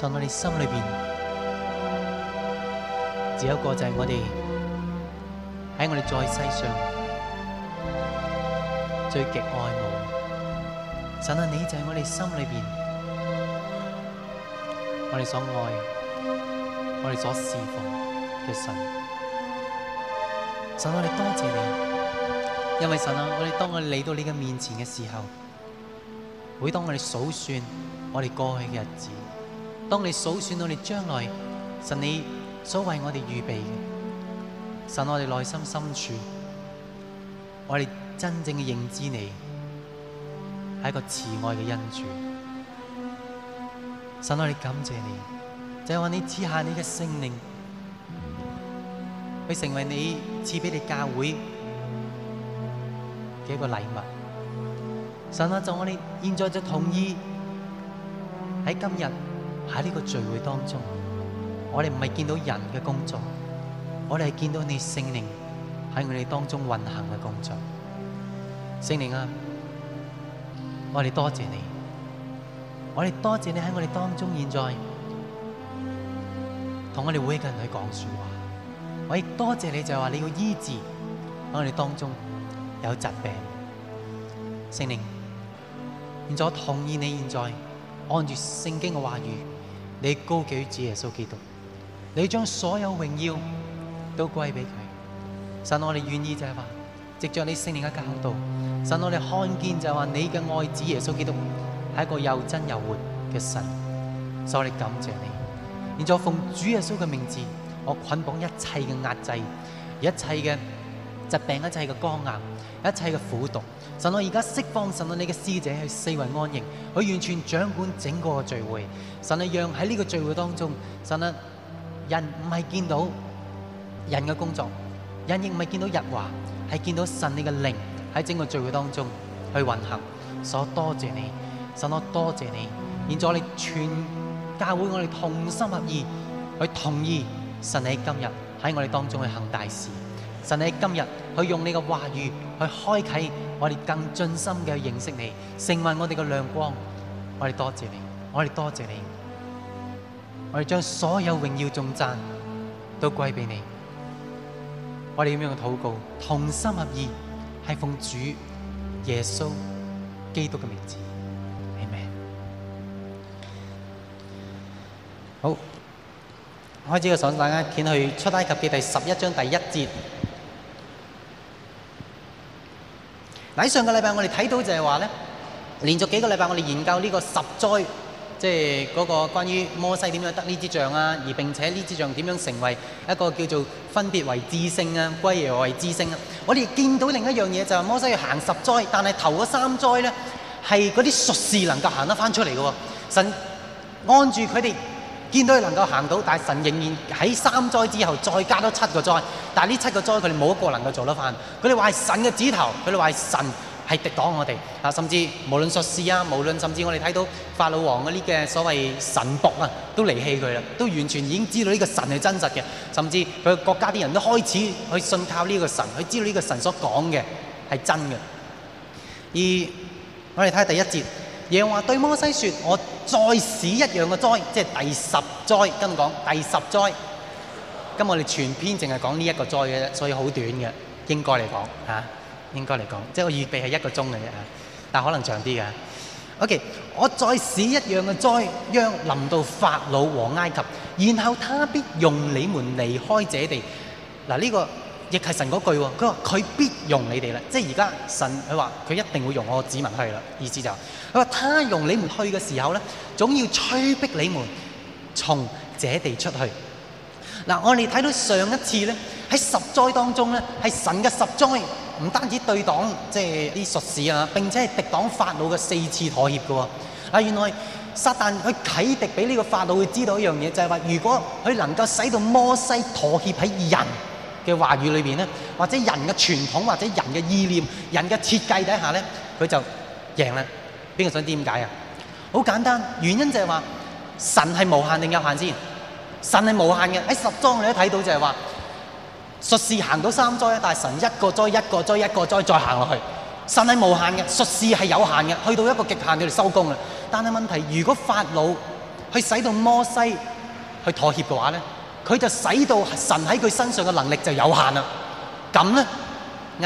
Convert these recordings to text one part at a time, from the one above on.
神，我哋心裏邊，只有一個就係我哋，喺我哋在世上最極愛我。神啊，你就係我哋心裏邊，我哋所愛、我哋所侍奉嘅神。神啊，我哋多謝你，因為神啊，我哋當我嚟到你嘅面前嘅時候，每當我哋數算我哋過去嘅日子。當你數算到你將來，神你所為我哋預備嘅，神，我哋內心深處，我哋真正嘅認知你係一個慈愛嘅恩主，神，我哋感謝你，就話你賜下你嘅聖靈，會成為你賜俾你的教會嘅一個禮物。神啊，就我哋現在就同意喺今日。喺呢個聚會當中，我哋唔係見到人嘅工作，我哋係見到你聖靈喺我哋當中運行嘅工作。聖靈啊，我哋多謝你，我哋多謝你喺我哋當中現在同我哋會嘅人去講說話。我亦多謝你，就係話你要醫治喺我哋當中有疾病。聖靈，現在我同意你現在按住聖經嘅話語。你高舉主耶穌基督，你將所有榮耀都歸俾佢。神，我哋願意就係話，藉着你聖靈嘅教導，神，我哋看見就係話，你嘅愛子耶穌基督係一個又真又活嘅神。所以我哋感謝你。而家奉主耶穌嘅名字，我捆綁一切嘅壓制，一切嘅。疾病一切嘅剛硬，一切嘅苦毒，神我而家釋放，神我你嘅使者去四圍安營，佢完全掌管整個嘅聚會。神啊，讓喺呢個聚會當中，神啊，人唔係見到人嘅工作，人亦唔係見到日華，係見到神你嘅靈喺整個聚會當中去運行。所多謝你，神我多謝你。現在我哋全教會我哋同心合意去同意，神你今日喺我哋當中去行大事。神喺今日去用你嘅話語去開啟我哋更盡心嘅認識你，成為我哋嘅亮光。我哋多謝你，我哋多謝你，我哋將所有榮耀重讚都歸俾你。我哋咁樣嘅禱告，同心合意，係奉主耶穌基督嘅名字，阿門。好，開始嘅時候，大家點去出埃及記第十一章第一節？在上個禮拜我哋睇到就係話咧，連續幾個禮拜我哋研究呢個十災，即係嗰個關於摩西點樣得呢支杖啊，而並且呢支杖點樣成為一個叫做分別為聖啊、歸而為聖啊，我哋見到另一樣嘢就係、是、摩西要行十災，但係頭嗰三災呢，係嗰啲術士能夠行得返出嚟嘅喎，神按住佢哋。見到佢能夠行到，但是神仍然喺三災之後再加多七個災，但係呢七個災佢哋冇一個能夠做得返。佢哋話係神嘅指頭，佢哋話神係敵擋我哋啊！甚至無論術士啊，無論甚至我哋睇到法老王嗰啲嘅所謂神僕啊，都離棄佢啦，都完全已經知道呢個神係真實嘅。甚至佢國家啲人都開始去信靠呢個神，去知道呢個神所講嘅係真嘅。而我哋睇下第一節。耶和華對摩西說：我再使一樣嘅災，即係第十災。跟住講第十災。咁我哋全篇淨係講呢一個災嘅啫，所以好短嘅，應該嚟講嚇，應該嚟講，即係我預備係一個鐘嘅啫，但係可能長啲嘅。OK，我再使一樣嘅災殃臨到法老和埃及，然後他必用你們離開這地。嗱，呢個。亦係神嗰句，佢話佢必容你哋啦，即係而家神佢話佢一定會用我的子民去啦，意思就佢話他用你唔去嘅時候咧，總要催逼你們從這地出去。嗱、啊，我哋睇到上一次咧喺十災當中咧，係神嘅十災唔單止對擋即係啲術士啊，並且係敵擋法老嘅四次妥協嘅喎。啊，原來撒旦佢啟迪俾呢個法老去知道一樣嘢，就係、是、話如果佢能夠使到摩西妥協喺人。嘅話語裏面呢，或者人嘅傳統，或者人嘅意念、人嘅設計底下呢，佢就贏啦。邊個想知點解啊？好簡單，原因就係話神係無限定有限先？神係無限嘅喺十章你都睇到就係話，術士行到三災，但是神一個災一個災一個災再行落去，神係無限嘅，術士係有限嘅，去到一個極限佢哋收工啦。但係問題如果法老去使到摩西去妥協嘅話呢？佢就使到神喺佢身上嘅能力就有限啦，咁咧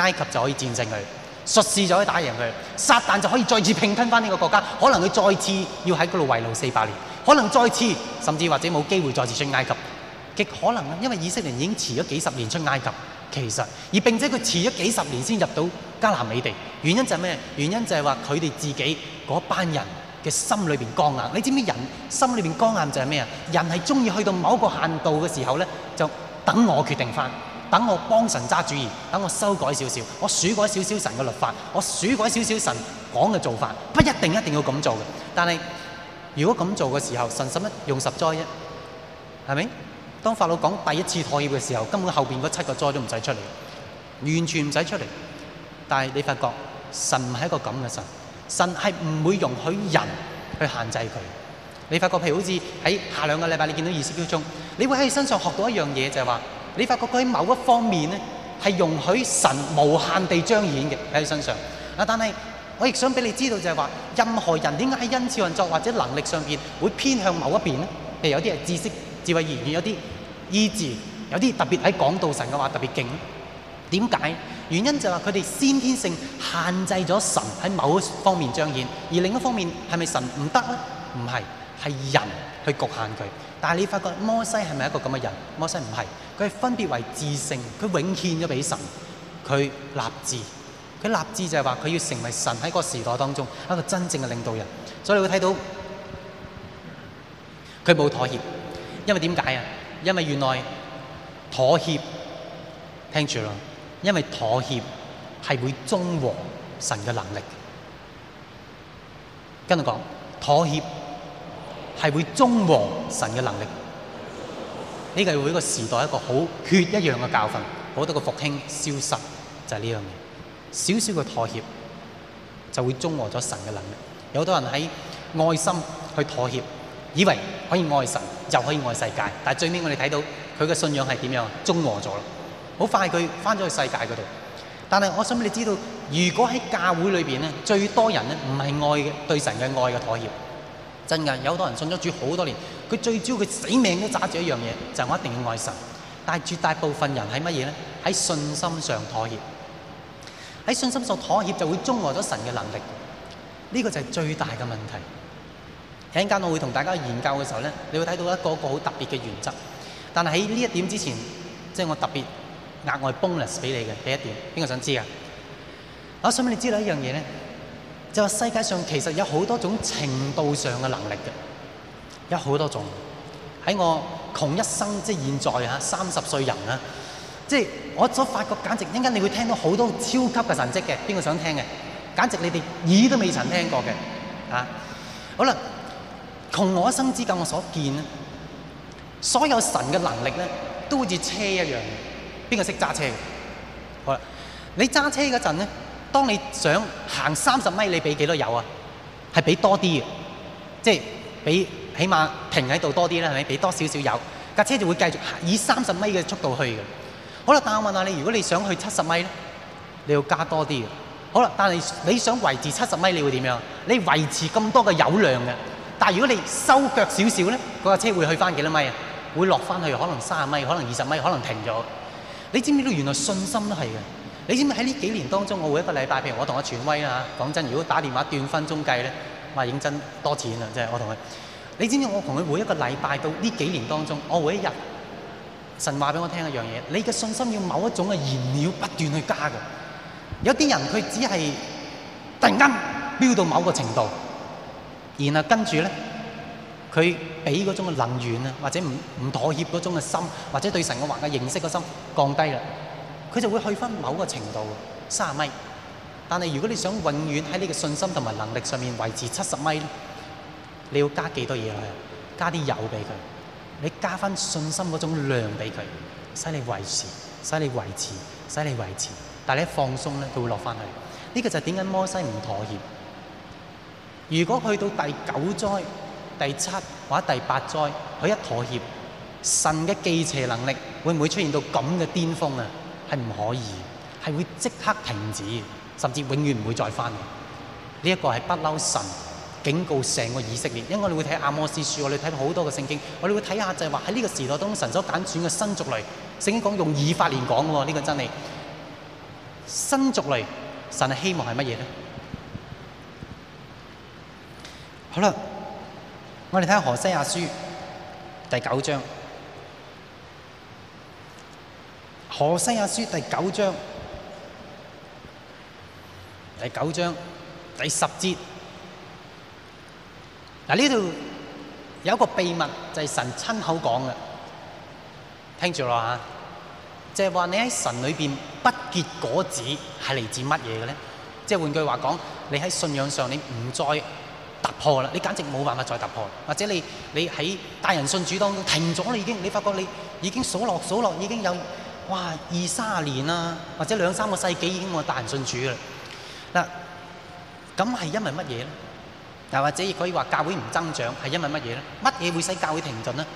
埃及就可以戰勝佢，術士就可以打贏佢，撒旦就可以再次併吞翻呢個國家，可能佢再次要喺嗰度為奴四百年，可能再次甚至或者冇機會再次出埃及，極可能啊，因為以色列已經遲咗幾十年出埃及，其實，而並且佢遲咗幾十年先入到迦南美地，原因就係咩？原因就係話佢哋自己嗰班人。嘅心裏邊剛硬，你知唔知人心裏邊剛硬就係咩啊？人係中意去到某一個限度嘅時候咧，就等我決定翻，等我幫神揸主意，等我修改少少，我修改少少神嘅律法，我修改少少神講嘅做法，不一定一定要咁做嘅。但係如果咁做嘅時候，神使乜用十災啫？係咪？當法老講第一次妥協嘅時候，根本後邊嗰七個災都唔使出嚟，完全唔使出嚟。但係你發覺神唔係一個咁嘅神。神係唔會容許人去限制佢。你發覺，譬如好似喺下兩個禮拜，你見到《意思標中》，你會喺佢身上學到一樣嘢，就係話，你發覺佢喺某一方面咧，係容許神無限地彰顯嘅喺佢身上。但係我亦想俾你知道，就係話，任何人點解喺恩賜運作或者能力上面會偏向某一邊咧？譬如有啲係知識智慧言語，有啲意志，有啲特別喺講道神嘅話特別勁。點解？原因就係話佢哋先天性限制咗神喺某方面彰顯，而另一方面係咪神唔得咧？唔係，係人去局限佢。但係你發覺摩西係咪一個咁嘅人？摩西唔係，佢係分別為聖性，佢永獻咗俾神，佢立志，佢立志就係話佢要成為神喺個時代當中一個真正嘅領導人。所以你會睇到佢冇妥協，因為點解啊？因為原來妥協聽住啦。因為妥協係會中和神嘅能力，跟你講妥協係會中和神嘅能力，呢個係一個時代一個好血一樣嘅教訓，好多個復興消失就係呢樣嘢，少少嘅妥協就會中和咗神嘅能力，有好多人喺愛心去妥協，以為可以愛神又可以愛世界，但係最尾我哋睇到佢嘅信仰係點樣，中和咗好快佢翻咗去世界嗰度，但係我想俾你知道，如果喺教會裏邊咧，最多人咧唔係愛嘅對神嘅愛嘅妥協，真噶有好多人信咗主好多年，佢最主要佢死命都揸住一樣嘢，就係我一定要愛神。但係絕大部分人係乜嘢咧？喺信心上妥協，喺信心上妥協就會中和咗神嘅能力。呢個就係最大嘅問題。喺陣間我會同大家研究嘅時候咧，你會睇到一個一個好特別嘅原則，但係喺呢一點之前，即係我特別。額外 bonus 俾你嘅，第一點，邊個想知啊？我想俾你知道一樣嘢咧？就話係世界上其實有好多種程度上嘅能力嘅，有好多種喺我窮一生，即係現在啊，三十歲人啊，即係我所發覺，簡直陣間你會聽到好多超級嘅神跡嘅，邊個想聽嘅？簡直你哋耳都未曾聽過嘅，啊！好啦，窮我一生之間，我所見咧，所有神嘅能力咧，都好似車一樣。邊個識揸車？好啦，你揸車嗰陣咧，當你想行三十米，你俾幾多油啊？係俾多啲嘅，即係俾起碼停喺度多啲啦，係咪俾多少少油架車就會繼續以三十米嘅速度去嘅。好啦，但我問下你，如果你想去七十米咧，你要加多啲嘅。好啦，但係你想維持七十米，你會點樣？你維持咁多嘅油量嘅，但係如果你收腳少少咧，嗰架車會去翻幾多米啊？會落翻去可能三十米，可能二十米，可能停咗。你知唔知道原來信心都係嘅？你知唔知喺呢幾年當中，我每一個禮拜，譬如我同阿全威啊，講真，如果打電話斷分鐘計咧，話認真多錢啦，即係我同佢，你知唔知我同佢每一個禮拜到呢幾年當中，我每一日神話俾我聽一樣嘢，你嘅信心要某一種嘅燃料不斷去加㗎。有啲人佢只係突然間飆到某個程度，然後跟住咧。佢俾嗰種嘅能源啊，或者唔唔妥協嗰種嘅心，或者對神嘅或嘅認識嘅心降低啦，佢就會去翻某個程度，三十米。但係如果你想永遠喺你嘅信心同埋能力上面維持七十米，你要加幾多嘢去？加啲油俾佢，你加翻信心嗰種量俾佢，使你維持，使你維持，使你，你維持。但係你一放鬆咧，佢會落翻去。呢個就係點解摩西唔妥協。如果去到第九災。第七或者第八災，佢一妥協，神嘅忌邪能力會唔會出現到咁嘅巔峰啊？係唔可以，係會即刻停止，甚至永遠唔會再翻嚟。呢、這個、一個係不嬲神警告成個以色列，因為我哋會睇阿摩司書，我哋睇到好多嘅聖經，我哋會睇下就係話喺呢個時代當中神所揀選嘅新族類，聖經講用以法蓮講喎，呢個真理。新族類，神嘅希望係乜嘢咧？好啦。我哋睇何西亞書第九章，何西亞書第九章，第九章第十節，嗱呢度有一個秘密，就係神親口講嘅，聽住啦，就係話，你喺神裏面不結果子係嚟自乜嘢嘅咧？即係換句話講，你喺信仰上你唔再突破啦！你簡直冇辦法再突破，或者你你喺大人信主當中停咗啦已經，你發覺你已經數落數落已經有，哇二三十年啊，或者兩三個世紀已經冇大人信主啦。嗱，咁係因為乜嘢咧？又或者亦可以話教會唔增長係因為乜嘢咧？乜嘢會使教會停頓呢？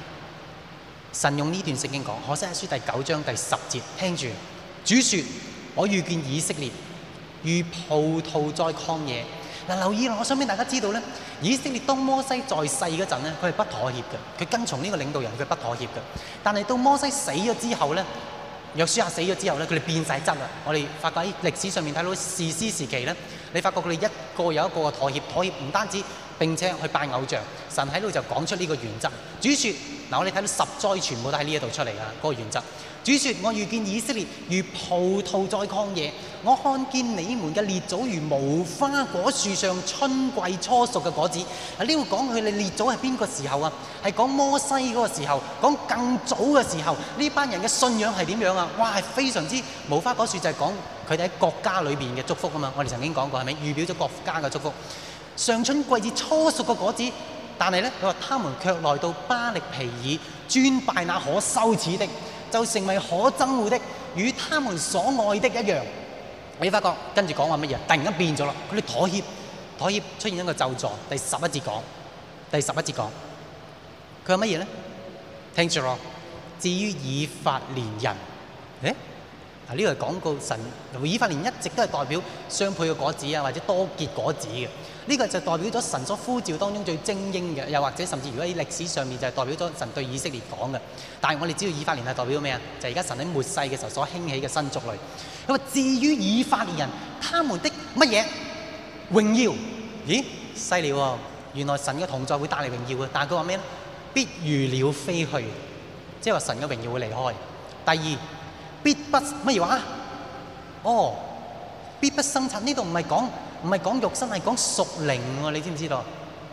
神用呢段聖經講，何西阿書第九章第十節，聽住主説：我遇見以色列如葡萄在曠野。嗱，留意啦！我想俾大家知道咧，以色列當摩西在世嗰陣咧，佢係不妥協嘅，佢跟從呢個領導人，佢不妥協嘅。但係到摩西死咗之後咧，約書亞死咗之後咧，佢哋變晒質啦。我哋發覺喺歷史上面睇到士師時期咧，你發覺佢哋一個又一個嘅妥協，妥協唔單止，並且去拜偶像。神喺度就講出呢個原則，主説，嗱，我哋睇到十災全部都喺呢一度出嚟啊，嗰個原則。主説：我遇見以色列如葡萄在曠野，我看見你們嘅列祖如無花果樹上春季初熟嘅果子。啊！呢個講佢哋列祖係邊個時候啊？係講摩西嗰個時候，講更早嘅時候，呢班人嘅信仰係點樣啊？哇！係非常之無花果樹就係講佢哋喺國家裏邊嘅祝福啊嘛！我哋曾經講過係咪預表咗國家嘅祝福？上春季節初熟嘅果子，但係咧佢話：他們卻來到巴力皮爾，專拜那可羞恥的。就成為可憎惡的，與他們所愛的一樣。你發覺跟住講話乜嘢？突然間變咗啦！佢哋妥協，妥協出現一個咒詛。第十一節講，第十一節講，佢話乜嘢咧？聽住咯。至於以法連人，誒？嗱，呢個係講到神。以法連一直都係代表雙倍嘅果子啊，或者多結果子嘅。呢、這個就代表咗神所呼召當中最精英嘅，又或者甚至如果喺歷史上面就係代表咗神對以色列講嘅。但係我哋知道以法蓮係代,代表咩啊？就而、是、家神喺末世嘅時候所興起嘅新族類。咁啊，至於以法蓮人，他們的乜嘢榮耀？咦，犀利喎！原來神嘅同在會帶嚟榮耀嘅。但係佢話咩咧？必如鳥飛去，即係話神嘅榮耀會離開。第二，必不，乜嘢話？哦，必不生產呢度唔係講。這唔係講肉身，係講屬靈喎、啊！你知唔知道？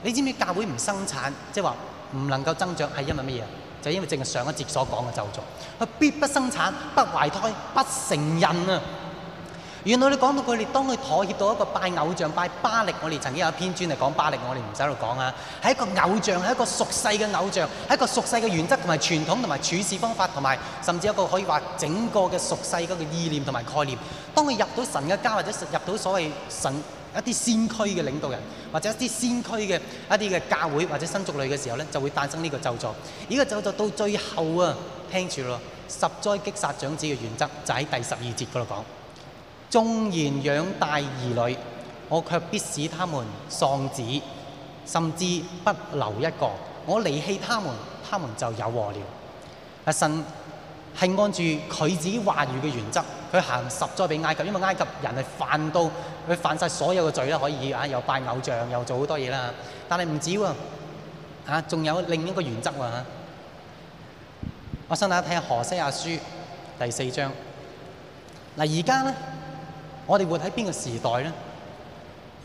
你知唔知道教會唔生產，即係話唔能夠增長，係因為乜嘢？就因為正係上一節所講嘅咒詛，佢必不生產，不懷胎，不成孕啊！原來你講到佢哋，當佢妥協到一個拜偶像、拜巴力。我哋曾經有一篇專題講巴力，我哋唔使喺度講啊。係一個偶像，係一個俗世嘅偶像，係一個俗世嘅原則同埋傳統同埋處事方法同埋，甚至一個可以話整個嘅俗世嗰個意念同埋概念。當佢入到神嘅家或者入到所謂神一啲先驅嘅領導人或者一啲先驅嘅一啲嘅教會或者新族類嘅時候咧，就會誕生呢個咒詛。呢、這個咒詛到最後啊，聽住咯，十災擊殺長子嘅原則就喺第十二節嗰度講。縱然養大兒女，我卻必使他們喪子，甚至不留一個。我離棄他們，他們就有禍了。嗱，神係按住佢自己話語嘅原則，佢行十災俾埃及，因為埃及人係犯到佢犯晒所有嘅罪啦，可以啊，又拜偶像，又做好多嘢啦。但係唔止喎，仲有另一個原則喎。吓，我想大家睇下何西阿書第四章。嗱，而家咧。我哋活喺邊個時代呢？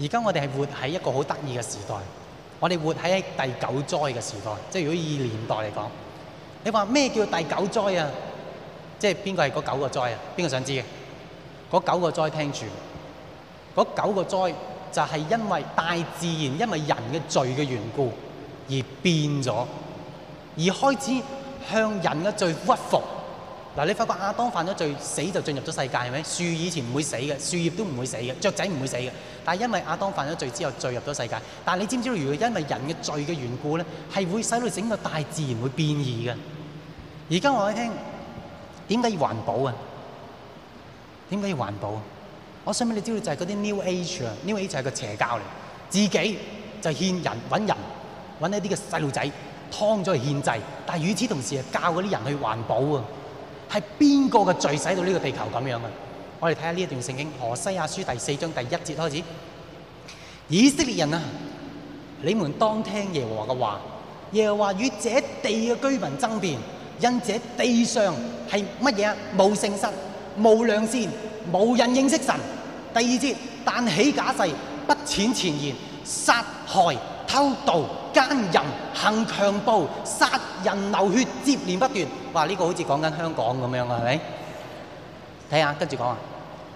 而家我哋係活喺一個好得意嘅時代，我哋活喺第九災嘅時代，即係如果以年代嚟講，你話咩叫第九災啊？即係邊個係嗰九個災啊？邊個想知？嗰九個災聽住，嗰九個災就係因為大自然，因為人嘅罪嘅緣故而變咗，而開始向人嘅罪屈服。嗱，你發覺亞當犯咗罪，死就進入咗世界，係咪樹以前唔會死嘅？樹葉都唔會死嘅，雀仔唔會死嘅。但係因為亞當犯咗罪之後墜入咗世界，但係你知唔知道？如果因為人嘅罪嘅緣故咧，係會使到整個大自然會變異嘅。而家我喺聽點解要環保啊？點解要環保？我想畀你知道，就係嗰啲 New Age 啊？New Age 就係個邪教嚟，自己就欠人揾人揾一啲嘅細路仔劏咗嚟獻祭。但係與此同時啊，教嗰啲人去環保啊。係邊個嘅罪使到呢個地球咁樣嘅？我哋睇下呢一段聖經《何西阿書》第四章第一節開始：以色列人啊，你們當聽耶和華嘅話。耶和華與這地嘅居民爭辯，因這地上係乜嘢啊？無誠實、無良善、無人認識神。第二節，但起假誓、不踐前言、殺害、偷盜。奸淫、行強暴、殺人流血，接連不斷，哇！呢個好似講緊香港咁樣啊，係咪？睇下跟住講啊，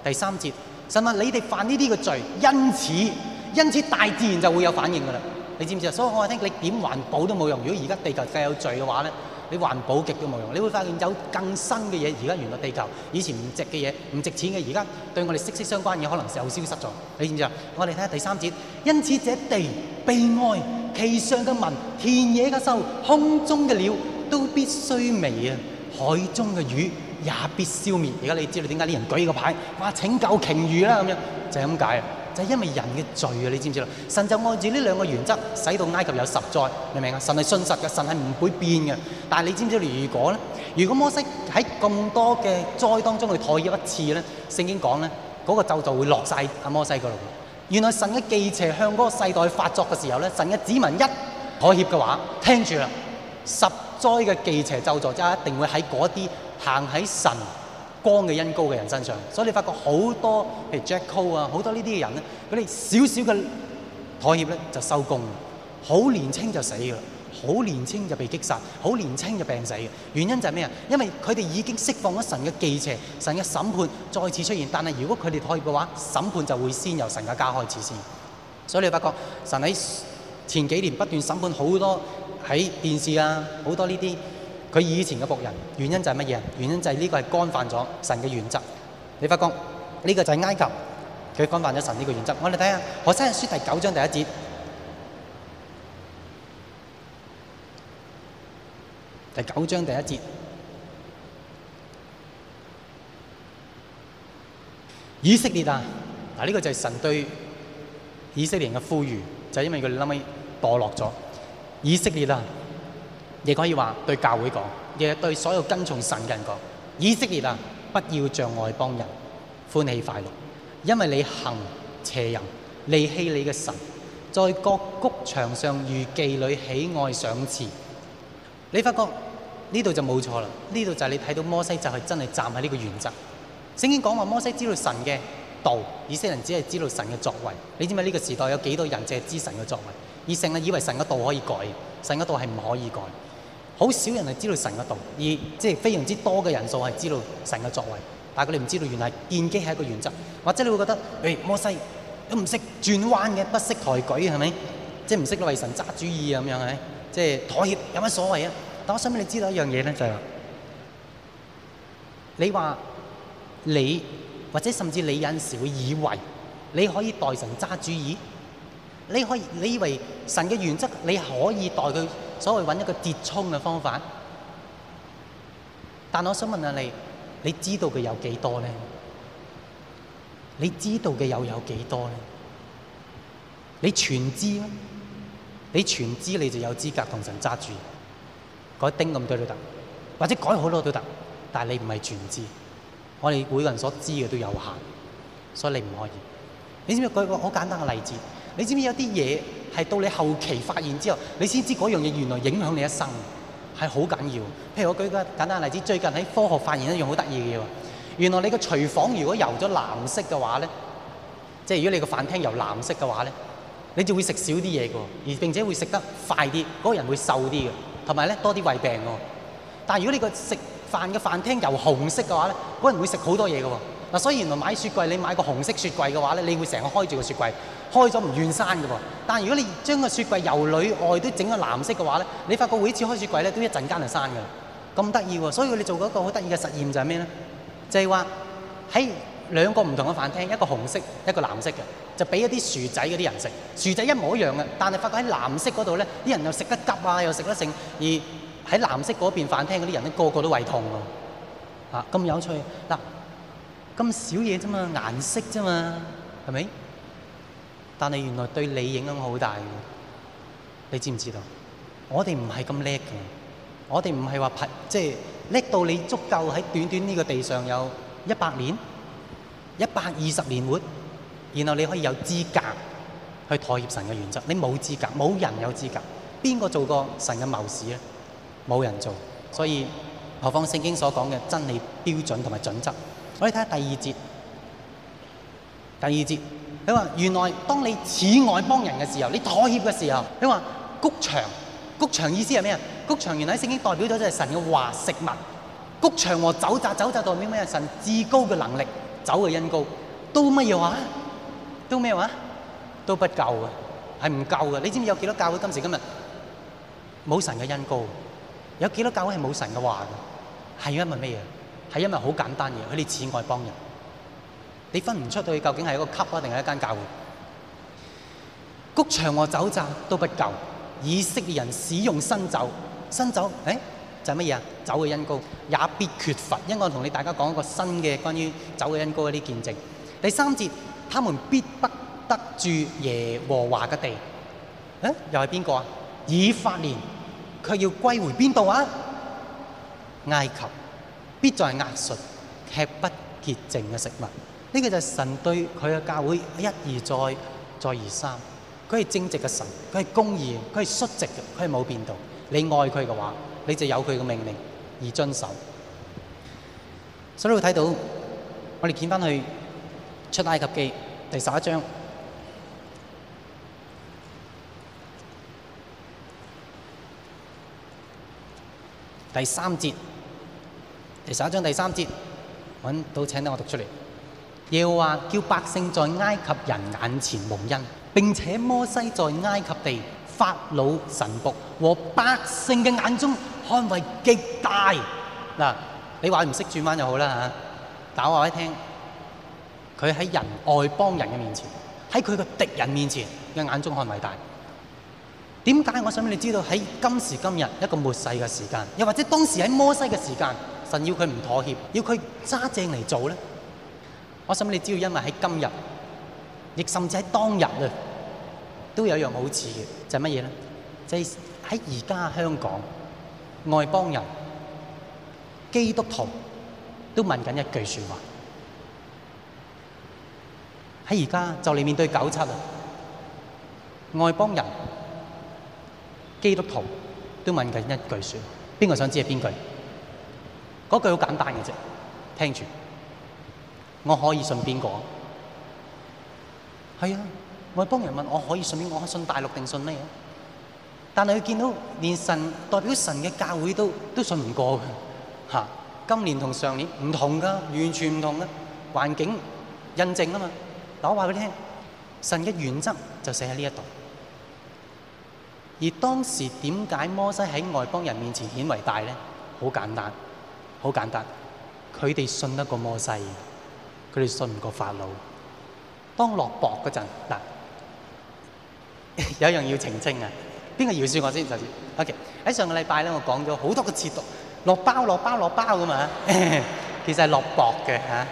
第三節，神啊，你哋犯呢啲嘅罪，因此因此大自然就會有反應㗎啦。你知唔知啊？所以我話聽你點環保都冇用。如果而家地球咁有罪嘅話咧。你環保極都冇用，你會發現有更新嘅嘢。而家原來地球以前唔值嘅嘢，唔值錢嘅，而家對我哋息息相關嘅嘢，可能又消失咗。你知唔知啊？我哋睇下第三節，因此這地悲哀，其上嘅民、田野嘅獸、空中嘅鳥都必須微啊！海中嘅魚也必消滅。而家你知道點解啲人舉個牌話拯救鯨魚啦？咁樣就係咁解啊！就係、是、因為人嘅罪啊！你知唔知啦？神就按照呢兩個原則，使到埃及有十災，你明唔明啊？神係信實嘅，神係唔會變嘅。但係你知唔知道如果咧？如果摩西喺咁多嘅災當中去妥協一次咧，聖經講咧，嗰、那個咒就會落晒阿摩西嗰度。原來神嘅忌邪向嗰個世代發作嘅時候咧，神嘅子民一妥協嘅話，聽住啦，十災嘅忌邪咒詛就一定會喺嗰啲行喺神光嘅恩高嘅人身上，所以你發覺好多，譬如 Jack Cole 啊，好多呢啲嘅人咧，佢哋少少嘅妥協咧就收工，好年輕就死噶啦，好年輕就被擊殺，好年輕就病死嘅。原因就係咩啊？因為佢哋已經釋放咗神嘅忌邪，神嘅審判再次出現，但係如果佢哋妥協嘅話，審判就會先由神嘅家開始先。所以你發覺神喺前幾年不斷審判好多喺電視啊，好多呢啲。佢以前嘅僕人，原因就係乜嘢？原因就係呢個係干犯咗神嘅原則。你發覺呢個就係埃及，佢干犯咗神呢個原則。我哋睇下《何西阿書》第九章第一節，第九章第一節，以色列啊，嗱呢個就係神對以色列人嘅呼籲，就係因為佢哋啱啱墮落咗。以色列啊！亦可以話對教會講，亦係對所有跟從神嘅人講。以色列啊，不要像外邦人歡喜快樂，因為你行邪淫，離棄你嘅神，在各谷場上如妓女喜愛賞賜。你發覺呢度就冇錯啦，呢度就係你睇到摩西就係真係站喺呢個原則。聖經講話摩西知道神嘅道，以色列人只係知道神嘅作為。你知唔知呢個時代有幾多人只係知神嘅作為？以色列以為神嘅道可以改，神嘅道係唔可以改。好少人係知道神嘅道，而即係非常之多嘅人數係知道神嘅作為，但係佢哋唔知道原來見機係一個原則，或者你會覺得誒、欸、摩西都唔識轉彎嘅，不識抬舉嘅係咪？即係唔識為神揸主意咁樣係咪？即係、就是、妥協有乜所謂啊？但我想畀你知道一樣嘢咧，就係話你話你或者甚至你有陣時會以為你可以代神揸主意。你可以，你以為神嘅原則你可以代佢所謂揾一個折衷嘅方法。但我想問，問，問你，你知道嘅有幾多呢？你知道嘅又有幾多呢？你全知啊？你全知，你就有資格同神揸住改一丁咁多都得，或者改好多都得。但你唔係全知，我哋每個人所知嘅都有限，所以你唔可以。你知唔知舉一個好簡單嘅例子？你知唔知有啲嘢係到你後期發現之後，你先知嗰樣嘢原來影響你一生，係好緊要的。譬如我舉個簡單的例子，最近喺科學發現一樣好得意嘅喎，原來你個廚房如果油咗藍色嘅話呢，即係如果你個飯廳油藍色嘅話呢，你就會食少啲嘢嘅，而並且會食得快啲，嗰個人會瘦啲嘅，同埋呢多啲胃病。但如果你個食飯嘅飯廳油紅色嘅話咧，嗰人會食好多嘢嘅喎。嗱，所以原來買雪櫃，你買個紅色雪櫃嘅話咧，你會成日開住個雪櫃，開咗唔願閂嘅噃。但係如果你將個雪櫃由裏外都整個藍色嘅話咧，你發覺每次開雪櫃咧都一陣間就閂嘅啦。咁得意喎！所以你做過一個好得意嘅實驗就係咩咧？就係話喺兩個唔同嘅飯廳，一個紅色，一個藍色嘅，就俾一啲薯仔嗰啲人食。薯仔一模一樣嘅，但係發覺喺藍色嗰度咧，啲人又食得急啊，又食得剩，而喺藍色嗰邊飯廳嗰啲人咧，個個都胃痛喎。嚇、啊、咁有趣嗱！啊咁少嘢啫嘛，顏色啫嘛，係咪？但係原來對你影響好大嘅，你知唔知道？我哋唔係咁叻嘅，我哋唔係話即係叻到你足夠喺短短呢個地上有一百年、一百二十年活，然後你可以有資格去妥協神嘅原則。你冇資格，冇人有資格，邊個做過神嘅謀士咧？冇人做，所以何況聖經所講嘅真理標準同埋準則。我哋睇下第二節，第二節，你話原來當你慈愛幫人嘅時候，你妥協嘅時候，你話谷場，谷場意思係咩啊？谷場原來聖經代表咗就係神嘅話，食物。谷場和酒澤，酒澤代表咩啊？神至高嘅能力，酒嘅恩膏。都乜嘢話？都咩話？都不夠嘅，係唔夠嘅。你知唔知有幾多教會今時今日冇神嘅恩膏？有幾多教會係冇神嘅話？係因為乜嘢？係因為好簡單嘅，佢哋似外邦人，你分唔出佢究竟係一個級啊定係一間教會。谷場和酒醡都不夠，以色列人使用新酒，新酒誒就係乜嘢啊？酒嘅恩膏，也必缺乏。因為我同你大家講一個新嘅關於酒嘅恩膏的一啲見證。第三節，他們必不得住耶和華嘅地。誒，又係邊個啊？以法蓮，卻要歸回邊度啊？埃及。必在壓純吃不潔淨嘅食物，呢、這個就係神對佢嘅教會一而再，再而三。佢係正直嘅神，佢係公義，佢係率直嘅，佢係冇變動。你愛佢嘅話，你就有佢嘅命令而遵守。所以會睇到我哋見返去出埃及記第十一章第三節。第十一章第三節，揾到請我讀出嚟。耶和華叫百姓在埃及人眼前蒙恩，並且摩西在埃及地法老神僕和百姓嘅眼中看為極大。嗱，你話唔識轉彎又好啦嚇，但我話你聽。佢喺人外邦人嘅面前，喺佢嘅敵人面前嘅眼中看為大。點解？我想俾你知道喺今時今日一個末世嘅時間，又或者當時喺摩西嘅時間。但要佢唔妥協，要佢揸正嚟做咧，我諗你只要因為喺今日，亦甚至喺當日啊，都有一樣好似嘅，就係乜嘢咧？就係喺而家香港外邦人基督徒都問緊一句説話。喺而家就你面對九七啊，外邦人基督徒都問緊一句説話，邊個想知係邊句？嗰句好簡單嘅啫，聽住，我可以信邊個？係啊，外邦人問我可以信邊，我可以信大陸定信咩？但係佢見到連神代表神嘅教會都都信唔過嘅，嚇、啊！今年同上年唔同㗎，完全唔同嘅環境印證啊嘛。我話畀你聽，神嘅原則就寫喺呢一度。而當時點解摩西喺外邦人面前顯為大咧？好簡單。好簡單，佢哋信得過摩西，佢哋信唔過法老。當落雹嗰陣，嗱有一樣要澄清啊，邊個饒恕我先？首先，OK。喺上個禮拜咧，我講咗好多個節目，落包落包落包噶嘛，其實係落雹嘅嚇，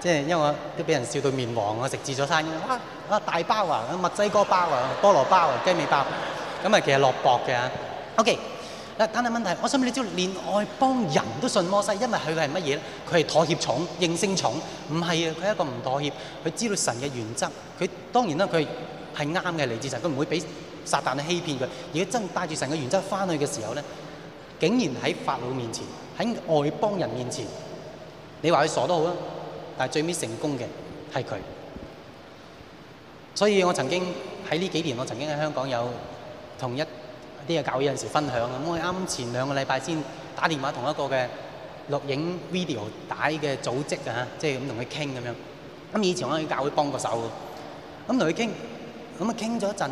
即、啊、係、就是、因為我都俾人笑到面黃，我食自助餐哇啊啊大包啊，墨西哥包啊，菠蘿包啊，雞尾包、啊，咁啊其實落雹嘅，OK。但係問題，我想問你知道連外邦人都信摩西，因為佢係乜嘢咧？佢係妥協重、應聲重，唔係啊！佢係一個唔妥協，佢知道神嘅原則，佢當然啦，佢係啱嘅，嚟自神，佢唔會俾撒旦欺騙佢。而家真帶住神嘅原則翻去嘅時候咧，竟然喺法老面前，喺外邦人面前，你話佢傻都好啦，但係最尾成功嘅係佢。所以我曾經喺呢幾年，我曾經喺香港有同一。啲嘅教會有陣時分享啊！我啱前兩個禮拜先打電話同一個嘅錄影 video 帶嘅組織啊，即係咁同佢傾咁樣。咁以前我喺教會幫過手咁同佢傾，咁啊傾咗一陣。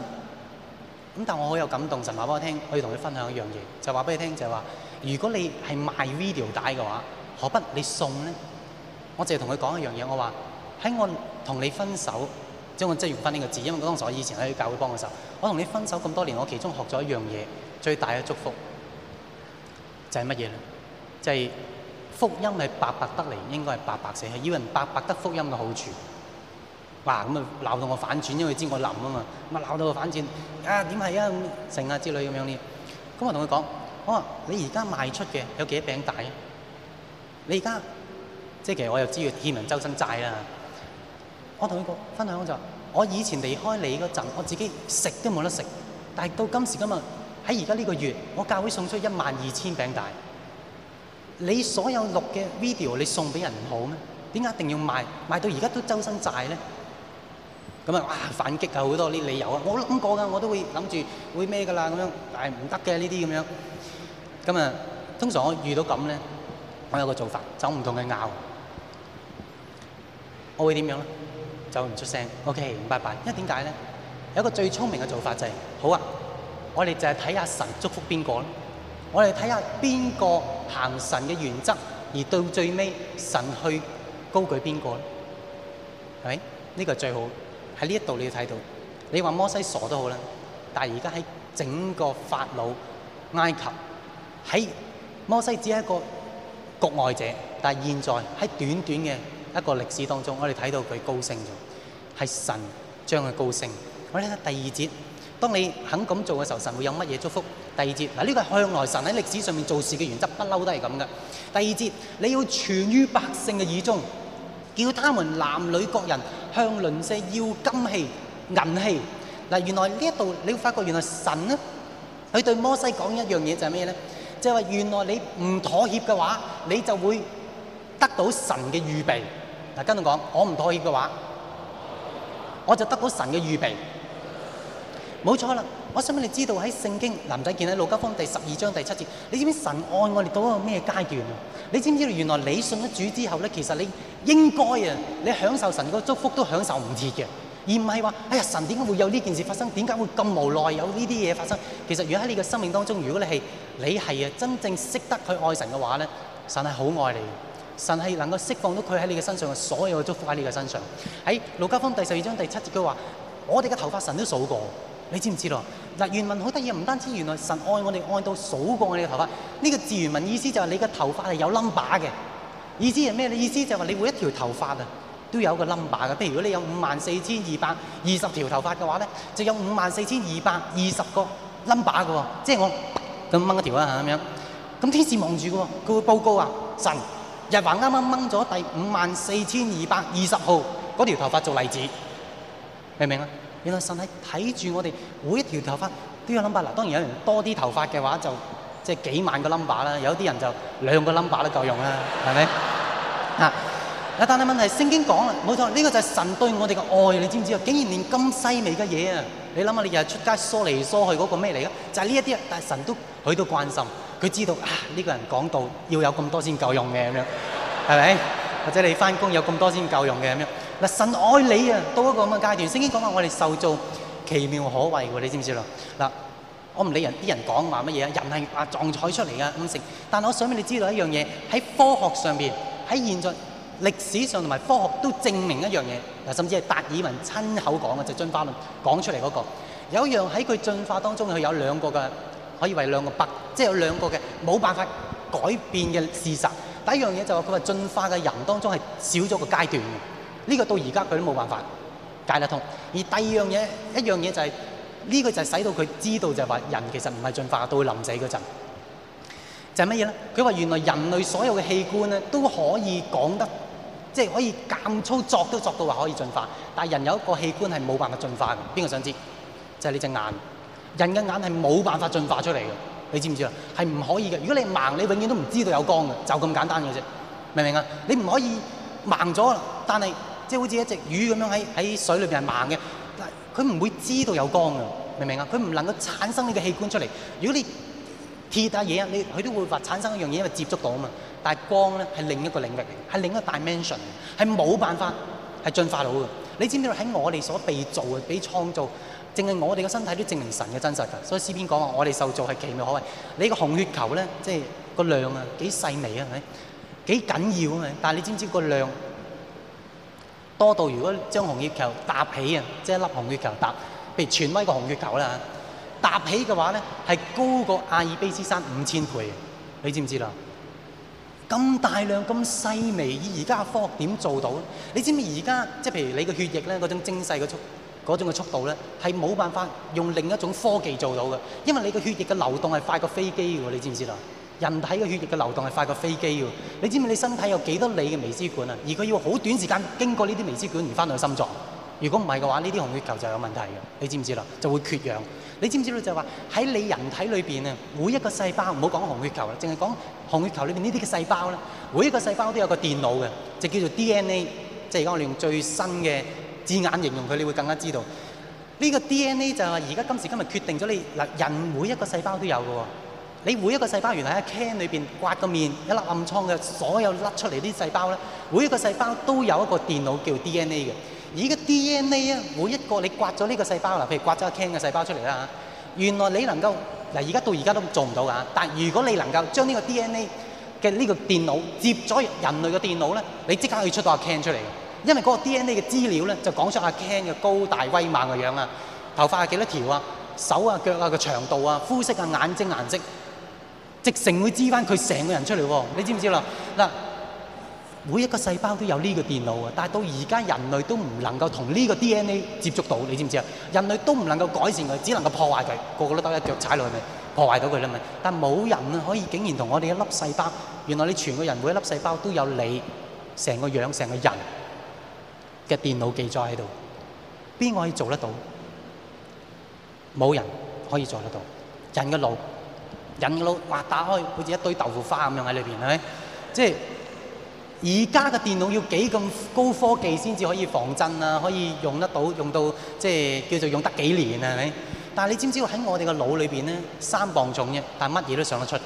咁但我好有感動神，神話俾我聽，可以同佢分享一樣嘢，就話俾佢聽就係、是、話：如果你係賣 video 帶嘅話，何不你送咧？我淨係同佢講一樣嘢，我話喺我同你分手。因為我真係用翻呢個字，因為嗰陣時我以前喺教會幫嘅時候，我同你分手咁多年，我其中學咗一樣嘢，最大嘅祝福就係乜嘢咧？就係、是就是、福音係白白得嚟，應該係白白寫，係要人白白得福音嘅好處。哇！咁啊鬧到我反轉，因為你知道我諗啊嘛，咪鬧到我反轉啊？點係啊？成啊之類咁樣呢？咁我同佢講，我話你而家賣出嘅有幾多餅大？你而家即係其實我又知要欠人周身債啦。我同佢講分享，我就我以前離開你嗰陣，我自己食都冇得食。但係到今時今日喺而家呢個月，我教會送出一萬二千餅帶。你所有錄嘅 video，你送俾人唔好咩？點解一定要賣賣到而家都周身債咧？咁啊，哇！反擊啊，好多啲理由啊，我諗過㗎，我都會諗住會咩㗎啦咁樣，但係唔得嘅呢啲咁樣。咁啊，通常我遇到咁咧，我有個做法，走唔同嘅拗，我會點樣咧？就唔出聲，OK，拜拜。因為點解咧？有一個最聰明嘅做法就係，好啊，我哋就係睇下神祝福邊個咧。我哋睇下邊個行神嘅原則，而到最尾神去高舉邊個咧？係咪？呢個最好喺呢一度你要睇到。你話摩西傻都好啦，但係而家喺整個法老埃及，喺摩西只係一個局外者，但係現在喺短短嘅一個歷史當中，我哋睇到佢高升咗。係神將佢高升。我哋睇第二節，當你肯咁做嘅時候，神會有乜嘢祝福？第二節嗱，呢個係向來神喺歷史上面做事嘅原則，不嬲都係咁嘅。第二節，你要傳於百姓嘅耳中，叫他們男女各人向鄰舍要金器銀器。嗱，原來呢一度你會發覺，原來神咧，佢對摩西講一樣嘢就係咩咧？即係話原來你唔妥協嘅話，你就會得到神嘅預備。嗱，跟住講，我唔妥協嘅話。我就得到神嘅預備，冇錯啦！我想俾你知道喺聖經，男仔見喺路加福音第十二章第七節，你知唔知神愛我哋到一個咩階段啊？你知唔知道原來你信咗主之後咧，其實你應該啊，你享受神個祝福都享受唔切嘅，而唔係話哎呀神點解會有呢件事發生？點解會咁無奈有呢啲嘢發生？其實如果喺你嘅生命當中，如果你係你係啊真正識得去愛神嘅話咧，神係好愛你。神係能夠釋放到佢喺你嘅身上嘅所有嘅祝福喺你嘅身上，喺路加福音第十二章第七節，佢話：我哋嘅頭髮神都數過，你知唔知道？嗱，原文好得意，唔單止原來神愛我哋愛到數過我哋嘅頭髮，呢、這個字原文意思就係你嘅頭髮係有 number 嘅。意思係咩咧？意思就係話你每一條頭髮啊都有個 number 嘅。譬如如果你有五萬四千二百二十條頭髮嘅話咧，就有五萬四千二百二十個 number 嘅喎，即、就、係、是、我咁掹一條啦，咁樣咁天使望住嘅喎，佢會報告啊神。日還啱啱掹咗第五萬四千二百二十號嗰條頭髮做例子，明唔明啊？原來神係睇住我哋每一條頭髮都有 number。嗱，當然有人多啲頭髮嘅話，就即係幾萬個 number 啦。有啲人就兩個 number 都夠用啦，係咪啊？ 但係問題是聖經講啦，冇錯，呢、呢個就係神對我哋嘅愛，你知唔知啊？竟然連咁細微嘅嘢啊，你諗下，你日日出街梳嚟梳去嗰個咩嚟嘅？就係呢一啲啊，但係神都佢都關心。佢知道啊，呢、這個人講到要有咁多先夠用嘅咁樣，係咪？ 或者你翻工有咁多先夠用嘅咁樣。嗱，神愛你啊，到一個咁嘅階段，先講話我哋受造奇妙可畏喎，你知唔知咯？嗱，我唔理人啲人講話乜嘢，人係啊撞彩出嚟啊咁成。但係我想俾你知道一樣嘢，喺科學上邊，喺現在歷史上同埋科學都證明一樣嘢。嗱，甚至係達爾文親口講嘅就進化論講出嚟嗰、那個，有一樣喺佢進化當中佢有兩個嘅。可以為兩個百，即係有兩個嘅，冇辦法改變嘅事實。第一樣嘢就係佢話進化嘅人當中係少咗個階段，呢個到而家佢都冇辦法解得通。而第二樣嘢，一樣嘢就係呢個就係使到佢知道就係話人其實唔係進化到臨死嗰陣，就係乜嘢咧？佢話原來人類所有嘅器官咧都可以講得，即係可以間操作都作到話可以進化，但係人有一個器官係冇辦法進化嘅，邊個想知？就係你隻眼。人嘅眼係冇辦法進化出嚟嘅，你知唔知啊？係唔可以嘅。如果你盲，你永遠都唔知道有光嘅，就咁簡單嘅啫。明唔明啊？你唔可以盲咗，但係即係好似一隻魚咁樣喺喺水裏邊係盲嘅，但係佢唔會知道有光嘅。明唔明啊？佢唔能夠產生呢個器官出嚟。如果你貼下嘢，你佢都會話產生一樣嘢，因為接觸到啊嘛。但係光咧係另一個領域，係另一個 dimension，係冇辦法係進化到嘅。你知唔知道？喺我哋所被造嘅、被創造，正係我哋個身體都證明神嘅真實㗎，所以詩篇講話我哋受造係奇妙可畏。你個紅血球咧，即係個量啊，幾細微啊，係咪？幾緊要啊嘛！但係你知唔知個量多到如果將紅血球搭起啊，即、就、係、是、一粒紅血球搭，譬如全威個紅血球啦，搭起嘅話咧係高過阿爾卑斯山五千倍。你知唔知啦？咁大量咁細微，而家科學點做到，你知唔知，而家即係譬如你個血液咧嗰種精細嘅速度？嗰種嘅速度咧，係冇辦法用另一種科技做到嘅，因為你個血液嘅流動係快過飛機嘅喎，你知唔知啦？人體嘅血液嘅流動係快過飛機嘅，你知唔知道你身體有幾多釐嘅微絲管啊？而佢要好短時間經過呢啲微絲管，而翻到去心臟。如果唔係嘅話，呢啲紅血球就有問題嘅，你知唔知啦？就會缺氧。你知唔知咧？就係話喺你人體裏邊啊，每一個細胞唔好講紅血球啦，淨係講紅血球裏邊呢啲嘅細胞咧，每一個細胞都有個電腦嘅，就叫做 DNA。即係而家我哋用最新嘅。字眼形容佢，你會更加知道呢個 DNA 就係而家今時今日決定咗你嗱人每一個細胞都有嘅喎，你每一個細胞原來喺個 can 裏面刮個面一粒暗瘡嘅所有甩出嚟啲細胞咧，每一個細胞都有一個電腦叫 DNA 嘅，而個 DNA 啊每一個你刮咗呢個細胞啦，譬如刮咗個 can 嘅細胞出嚟啦吓原來你能夠嗱而家到而家都做唔到噶，但如果你能夠將呢個 DNA 嘅呢個電腦接咗人類嘅電腦咧，你即刻可以出到個 can 出嚟。因為嗰個 D N A 嘅資料咧，就講出阿 Ken 嘅高大威猛嘅樣啊，頭髮係幾多條啊，手啊腳啊嘅長度啊，膚色啊眼睛顏、啊、色，直情會知翻佢成個人出嚟喎。你知唔知啦？嗱，每一個細胞都有呢個電腦啊。但係到而家人類都唔能夠同呢個 D N A 接觸到，你知唔知啊？人類都唔能夠改善佢，只能夠破壞佢。個個都得一腳踩落去，咪破壞到佢啦咪？但係冇人啊，可以竟然同我哋一粒細胞。原來你全個人每一粒細胞都有你成個樣，成個人。嘅電腦記載喺度，邊個可以做得到？冇人可以做得到。人嘅腦，人嘅腦，哇！打開好似一堆豆腐花咁樣喺裏邊，係咪？即係而家嘅電腦要幾咁高科技先至可以防震啊？可以用得到，用到即係叫做用得幾年啊？係咪？但係你知唔知喎？喺我哋嘅腦裏邊咧，三磅重啫，但係乜嘢都想得出㗎，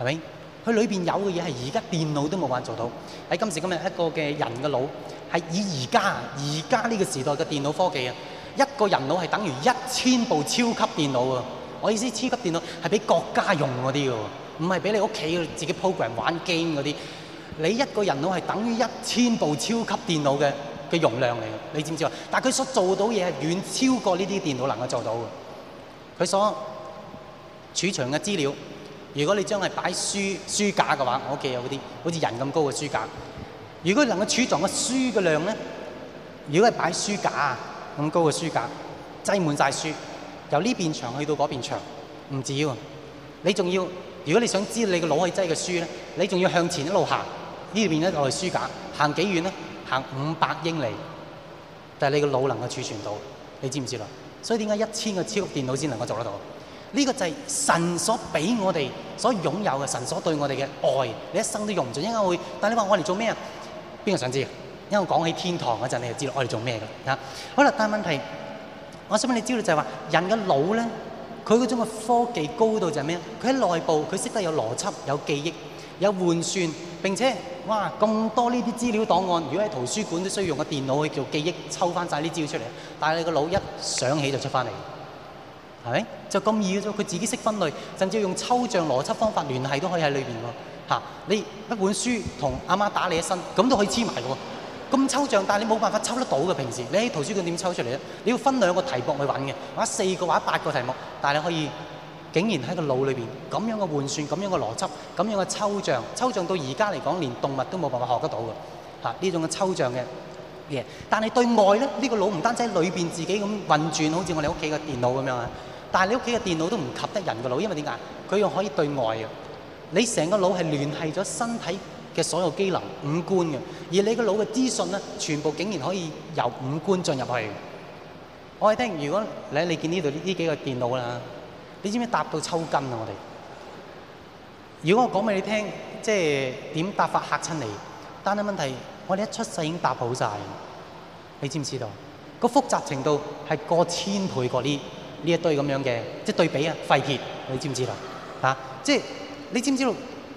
係咪？佢裏邊有嘅嘢係而家電腦都冇辦法做到。喺今時今日一個嘅人嘅腦。係以而家而家呢個時代嘅電腦科技啊，一個人腦係等於一千部超級電腦喎。我意思是超級電腦係俾國家用嗰啲喎，唔係俾你屋企自己 program 玩 game 嗰啲。你一個人腦係等於一千部超級電腦嘅嘅容量嚟嘅，你知唔知啊？但係佢所做到嘢係遠超過呢啲電腦能夠做到嘅。佢所儲存嘅資料，如果你將係擺書書架嘅話，我屋企有嗰啲好似人咁高嘅書架。如果能夠儲藏嘅書嘅量咧，如果係擺書架咁高嘅書架，擠滿晒書，由呢邊牆去到嗰邊牆，唔止喎。你仲要，如果你想知你嘅腦可以擠嘅書咧，你仲要向前一路行，呢邊咧就係書架，行幾遠咧？行五百英里，但係你嘅腦能夠儲存到，你知唔知啦？所以點解一千個超級電腦先能夠做得到？呢個就係神所俾我哋所擁有嘅，神所對我哋嘅愛，你一生都用唔盡，應該會。但係你話我嚟做咩啊？邊個想知道？因為我講起天堂嗰陣，你就知道我哋做咩㗎啦？好啦，但係問題，我想問你知道就係話，人嘅腦咧，佢嗰種嘅科技高度就係咩？佢喺內部，佢識得有邏輯、有記憶、有換算。並且，哇，咁多呢啲資料檔案，如果喺圖書館都需要用個電腦去做記憶抽翻晒啲資料出嚟，但係你個腦一想起就出翻嚟，係咪？就咁易嘅，佢自己識分類，甚至用抽象邏輯方法聯繫都可以喺裏邊喎。嚇！你一本書同阿媽打你一身，咁都可以黐埋嘅喎。咁抽象，但係你冇辦法抽得到嘅。平時你喺圖書館點抽出嚟咧？你要分兩個題目去揾嘅，或者四個，或者八個題目。但係你可以竟然喺個腦裏邊咁樣嘅換算、咁樣嘅邏輯、咁樣嘅抽象，抽象到而家嚟講，連動物都冇辦法學得到嘅。嚇！呢種嘅抽象嘅嘢，但係對外咧，呢個腦唔單止喺裏邊自己咁運轉，好似我哋屋企嘅電腦咁樣。但係你屋企嘅電腦都唔及得人嘅腦，因為點解？佢又可以對外嘅。你成個腦係聯繫咗身體嘅所有機能五官嘅，而你個腦嘅資訊呢，全部竟然可以由五官進入去。我係聽，如果你你見呢度呢呢幾個電腦啦，你知唔知搭到抽筋啊？我哋，如果我講俾你聽，即係點搭法嚇親你？但係問題，我哋一出世已經搭好晒，你知唔知道？個複雜程度係過千倍過啲呢一堆咁樣嘅，即對比啊廢鐵，你知唔知道啊？即係。你知唔知道？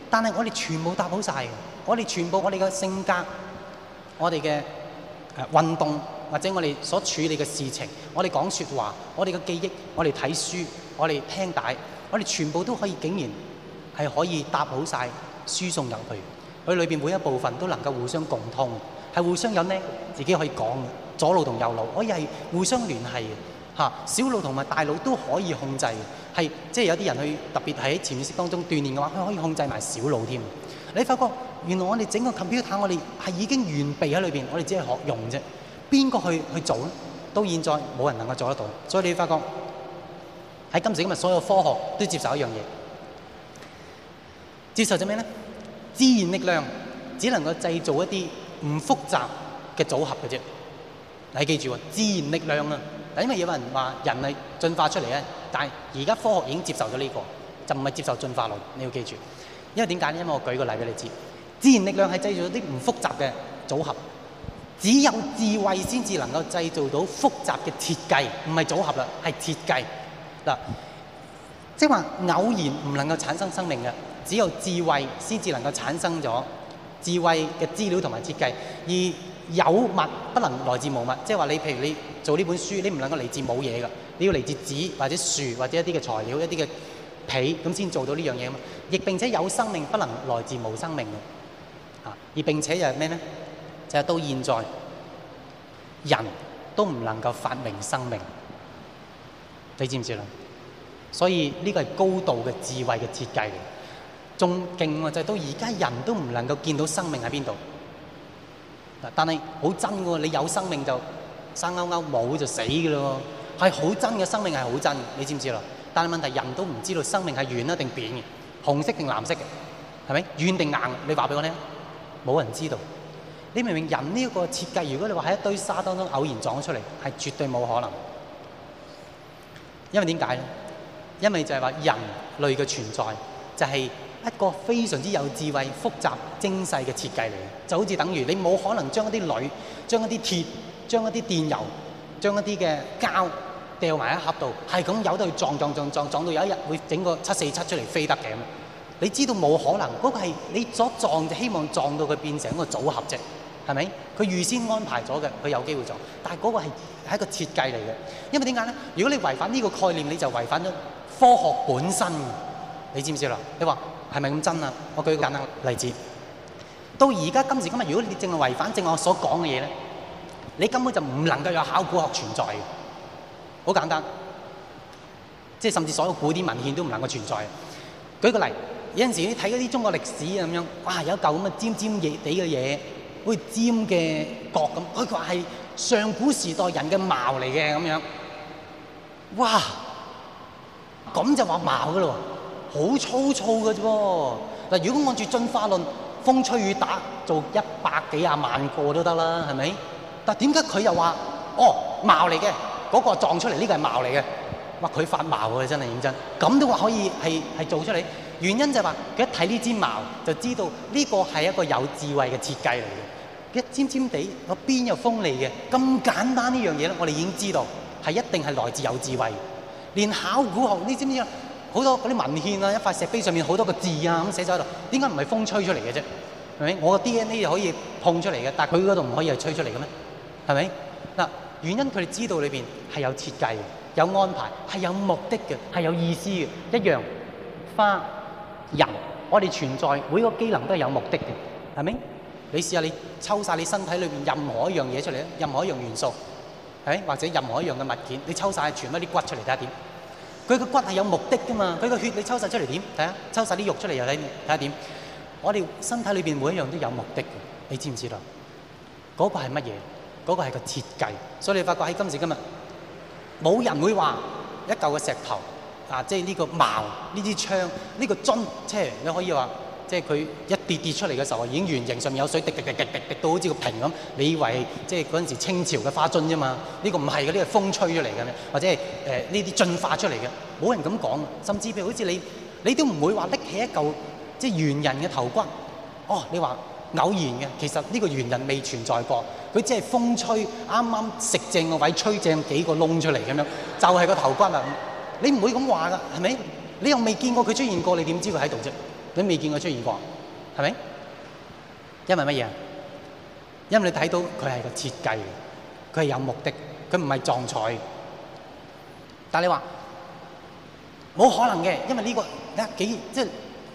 但係我哋全部搭好晒，我哋全部我哋嘅性格，我哋嘅運動或者我哋所處理嘅事情，我哋講說話，我哋嘅記憶，我哋睇書，我哋聽帶，我哋全部都可以竟然係可以搭好晒輸送入去，佢裏面每一部分都能夠互相共通，係互相有呢自己可以講嘅左腦同右腦，我哋係互相聯繫嘅，小腦同埋大腦都可以控制。係，即係有啲人去特別喺潛意識當中鍛鍊嘅話，佢可以控制埋小腦添。你發覺原來我哋整個 computer，我哋係已經完備喺裏邊，我哋只係學用啫。邊個去去做咧？到現在冇人能夠做得到。所以你發覺喺今時今日，所有科學都接受一樣嘢，接受咗咩咧？自然力量只能夠製造一啲唔複雜嘅組合嘅啫。你記住喎，自然力量啊！因為有人話人類進化出嚟咧，但係而家科學已經接受咗呢、這個，就唔係接受進化論。你要記住，因為點解咧？因為我舉個例俾你知，自然力量係製造啲唔複雜嘅組合，只有智慧先至能夠製造到複雜嘅設計，唔係組合啦，係設計。嗱、就是，即係話偶然唔能夠產生生命嘅，只有智慧先至能夠產生咗智慧嘅資料同埋設計，而有物不能來自無物，即係話你譬如你。做呢本書，你唔能夠嚟自冇嘢噶，你要嚟自紙或者樹或者一啲嘅材料、一啲嘅皮咁先做到呢樣嘢嘛。亦並且有生命，不能來自無生命嘅。啊，而並且又係咩咧？就係到現在，人都唔能夠發明生命。你知唔知啦？所以呢個係高度嘅智慧嘅設計嚟，仲勁喎，就係到而家人都唔能夠見到生命喺邊度。嗱，但係好真嘅喎，你有生命就。生勾勾冇就死嘅咯，係好真嘅生命係好真嘅，你知唔知咯？但係問題係人都唔知道生命係圓一定扁嘅，紅色定藍色嘅，係咪軟定硬？你話俾我聽，冇人知道。你明明人呢一個設計，如果你話喺一堆沙當中偶然撞出嚟，係絕對冇可能。因為點解咧？因為就係話人類嘅存在就係一個非常之有智慧、複雜、精細嘅設計嚟嘅，就好似等於你冇可能將一啲鋁、將一啲鐵。將一啲電油，將一啲嘅膠掉埋一盒度，係咁由得佢撞撞撞撞撞到有一日會整個七四七出嚟飛得嘅。你知道冇可能，嗰個係你所撞就希望撞到佢變成一個組合啫，係咪？佢預先安排咗嘅，佢有機會撞。但係嗰個係一個設計嚟嘅。因為點解咧？如果你違反呢個概念，你就違反咗科學本身。你知唔知啦？你話係咪咁真啊？我舉個簡單例子。到而家今時今日，如果你淨係違反正我所講嘅嘢咧？你根本就唔能夠有考古學存在嘅，好簡單，即係甚至所有古典文獻都唔能夠存在。舉個例，有陣時候你睇嗰啲中國歷史咁樣，哇！有嚿咁嘅尖尖嘢哋嘅嘢，好似尖嘅角咁。佢話係上古時代人嘅矛嚟嘅咁樣，哇！咁就話矛噶咯，好粗糙嘅啫噃。嗱，如果按住進化論，風吹雨打做一百幾廿萬個都得啦，係咪？但點解佢又話哦矛嚟嘅嗰個撞出嚟，呢個係矛嚟嘅？哇！佢發矛喎，真係認真，咁都話可以係係做出嚟。原因就係話，佢一睇呢支矛，就知道呢個係一個有智慧嘅設計嚟嘅。一尖尖地，我邊有鋒利嘅？咁簡單呢樣嘢咧，我哋已經知道係一定係來自有智慧的。連考古學，呢，知唔知啊？好多嗰啲文獻啊，一塊石碑上面好多個字啊咁寫咗喺度，點解唔係風吹出嚟嘅啫？係咪？我個 DNA 又可以碰出嚟嘅，但係佢嗰度唔可以係吹出嚟嘅咩？係咪嗱？原因佢哋知道裏邊係有設計嘅，有安排，係有目的嘅，係有意思嘅。一樣花人，我哋存在每個機能都係有目的嘅，係咪？你試下你抽晒你身體裏邊任何一樣嘢出嚟咧，任何一樣元素，誒或者任何一樣嘅物件，你抽晒，全部啲骨出嚟睇下點？佢個骨係有目的㗎嘛？佢個血你抽晒出嚟點？睇下抽晒啲肉出嚟又睇，睇下點？我哋身體裏邊每一樣都有目的嘅，你知唔知道？嗰個係乜嘢？嗰、那個係個設計，所以你發覺喺今時今日，冇人會話一嚿嘅石頭啊，即係呢個矛、呢支槍、呢、這個樽，即、就、係、是、你可以話，即係佢一跌跌出嚟嘅時候已經圓形，上面有水滴滴滴滴滴滴到好似個瓶咁，你以為即係嗰陣時清朝嘅花樽啫嘛？呢、這個唔係嘅，呢、這個風吹出嚟嘅，咩？或者係誒呢啲進化出嚟嘅，冇人咁講。甚至譬如好似你，你都唔會話拎起一嚿即係猿人嘅頭骨，哦，你話。偶然嘅，其實呢個原人未存在過，佢只係風吹啱啱食正個位，吹正幾個窿出嚟咁樣，就係、是、個頭骨啊！你唔會咁話噶，係咪？你又未見過佢出現過，你點知佢喺度啫？你未見佢出現過，係咪？因為乜嘢啊？因為你睇到佢係個設計，佢係有目的，佢唔係撞彩。但係你話冇可能嘅，因為呢、這個啊幾即係。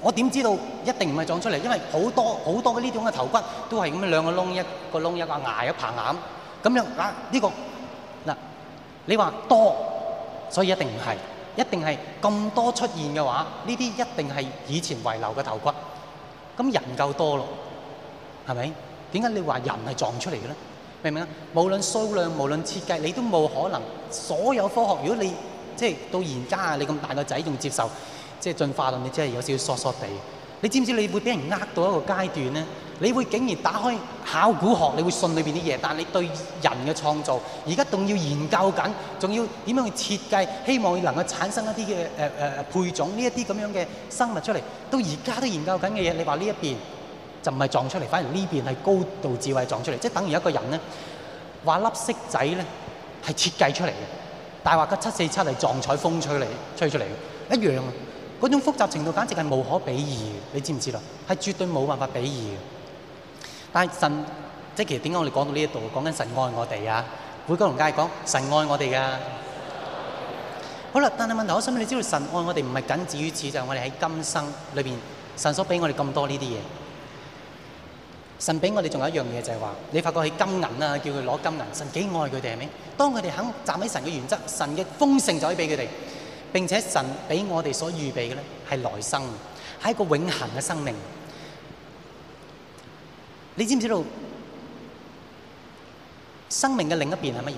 我點知道一定唔係撞出嚟？因為好多好多嘅呢種嘅頭骨都係咁樣兩個窿，一個窿，一個牙，一棚牙咁樣。嗱，呢個嗱，你話多，所以一定唔係，一定係咁多出現嘅話，呢啲一定係以前遺留嘅頭骨。咁人夠多咯，係咪？點解你話人係撞出嚟嘅咧？明唔明啊？無論數量，無論設計，你都冇可能所有科學。如果你即係到而家啊，你咁大個仔仲接受？即係進化論，你真係有少少傻傻地。你知唔知？你會俾人呃到一個階段咧，你會竟然打開考古學，你會信裏邊啲嘢，但係你對人嘅創造而家仲要研究緊，仲要點樣去設計，希望能夠產生一啲嘅誒誒誒配種呢一啲咁樣嘅生物出嚟。到而家都在研究緊嘅嘢，你話呢一邊就唔係撞出嚟，反而呢邊係高度智慧撞出嚟，即係等於一個人咧話粒色仔咧係設計出嚟嘅，大話個七四七係撞彩風吹嚟吹出嚟，一樣。嗰種複雜程度簡直係無可比擬，你知唔知啦？係絕對冇辦法比擬嘅。但係神，即係其實點解我哋講到呢一度，講緊神愛我哋啊！每個人梗係講神愛我哋噶。好啦，但係問題，我想問你知道神愛我哋唔係僅止於此，就係我哋喺今生裏邊，神所俾我哋咁多呢啲嘢。神俾我哋仲有一樣嘢就係話，你發覺喺金銀啊，叫佢攞金銀，神幾愛佢哋係咪？當佢哋肯站喺神嘅原則，神嘅豐盛就可以俾佢哋。並且神俾我哋所預備嘅咧，係來生，係一個永恆嘅生命。你知唔知道生命嘅另一邊係乜嘢？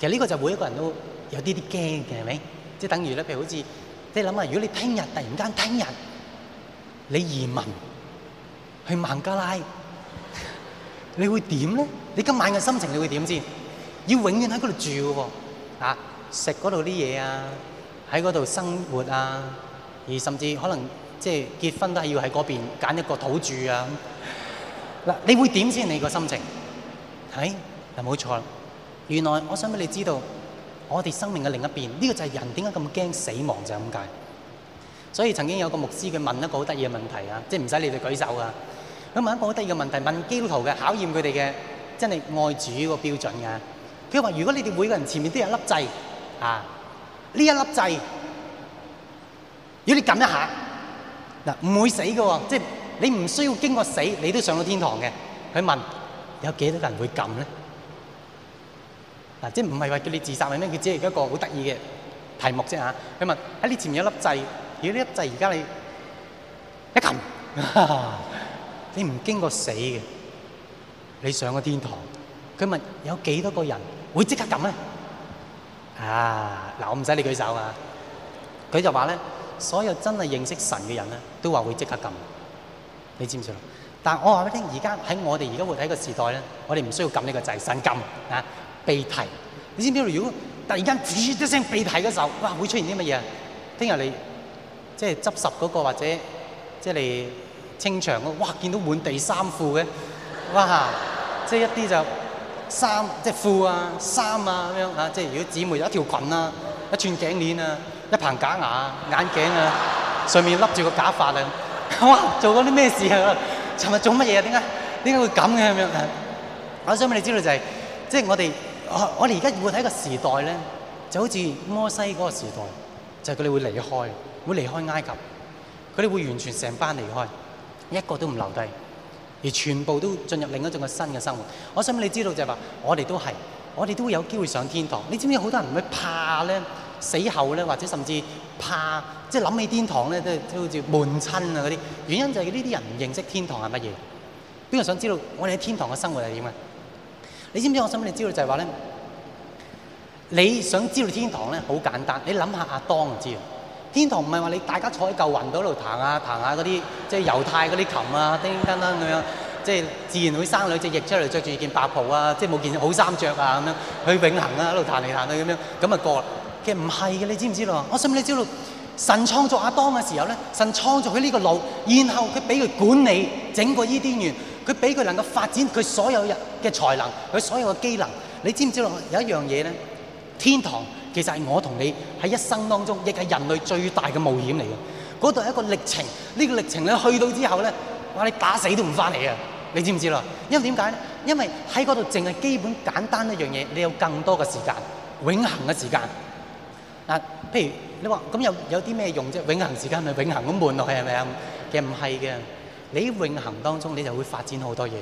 其實呢個就每一個人都有啲啲驚嘅，係咪？即係等於咧，譬如好似即係諗下，如果你聽日突然間聽日你移民去孟加拉，你會點咧？你今晚嘅心情你會點先？要永遠喺嗰度住嘅喎，啊！食嗰度啲嘢啊，喺嗰度生活啊，而甚至可能即係結婚都係要喺嗰邊揀一個土著啊。嗱，你會點先？你個心情？係嗱，冇錯。原來我想俾你知道，我哋生命嘅另一邊，呢個就係人點解咁驚死亡就係咁解。所以曾經有個牧師，佢問一個好得意嘅問題啊，即係唔使你哋舉手啊。佢問一個好得意嘅問題，問基督徒嘅考驗佢哋嘅真係愛主個標準噶。佢話：如果你哋每個人前面都有粒掣。啊！呢一粒掣，如果你撳一下，嗱，唔會死嘅喎，即係、 就是、你唔需要經過死，你都上到天堂嘅。佢問有幾多人會撳咧？嗱、啊，即係唔係話叫你自殺係咩？佢只係一個好得意嘅題目啫嚇。佢、啊、問喺你前面有粒掣，如果呢粒掣而家你一撳，你唔、啊、經過死嘅，你上咗天堂。佢問有幾多個人會即刻撳咧？啊！嗱，我唔使你舉手啊。佢就話咧，所有真係認識神嘅人咧，都話會即刻撳。你知唔知？但我話俾你聽，而家喺我哋而家活喺個時代咧，我哋唔需要撳呢個掣，神撳啊，鼻涕。你知唔知道？如果突然間吱一聲鼻涕嘅時候，哇，會出現啲乜嘢啊？聽日你即係執拾嗰、那個或者即係、就是、你清場嗰、那個，哇，見到滿地衫褲嘅，哇，即、就、係、是、一啲就。衫即係褲啊、衫啊咁樣吓，即係如果姊妹有一條裙啊、一串頸鏈啊、一棚假牙啊、眼鏡啊，上面笠住個假髮啊，哇！做過啲咩事啊？尋日做乜嘢啊？點解，點解會咁嘅咁樣啊？我想俾你知道就係，即係我哋我我哋而家活喺個時代咧，就好似摩西嗰個時代，就係佢哋會離開，會離開埃及，佢哋會完全成班離開，一個都唔留低。而全部都進入另一種嘅新嘅生活。我想俾你知道就係話，我哋都係，我哋都會有機會上天堂。你知唔知好多人會怕咧，死後咧，或者甚至怕，即係諗起天堂咧，都都好似悶親啊嗰啲。原因就係呢啲人唔認識天堂係乜嘢。邊個想知道我哋喺天堂嘅生活係點嘅？你知唔知我想俾你知道就係話咧，你想知道天堂咧好簡單，你諗下亞當就知啦。天堂唔係話你大家坐喺嚿雲度，喺度彈下彈下嗰啲，即係猶太嗰啲琴啊，叮叮噹噹咁樣，即係自然會生兩隻翼出嚟，着住件白袍啊，即係冇件好衫着啊，咁樣去永恆啊，喺度彈嚟彈去咁樣，咁啊過，其實唔係嘅，你知唔知道？我信你知道神創造阿當嘅時候咧，神創造佢呢個腦，然後佢俾佢管理整個伊甸園，佢俾佢能夠發展佢所有人嘅才能，佢所有嘅機能。你知唔知道？有一樣嘢咧，天堂。其實係我同你喺一生當中，亦係人類最大嘅冒險嚟嘅。嗰度係一個歷程，呢個歷程你去到之後咧，話你打死都唔翻嚟啊！你知唔知啦？因為點解咧？因為喺嗰度淨係基本簡單一樣嘢，你有更多嘅時間，永恆嘅時間。嗱、啊，譬如你話咁有有啲咩用啫？永恆時間咪永恆咁悶落去係咪啊？其實唔係嘅，你喺永恆當中你就會發展好多嘢。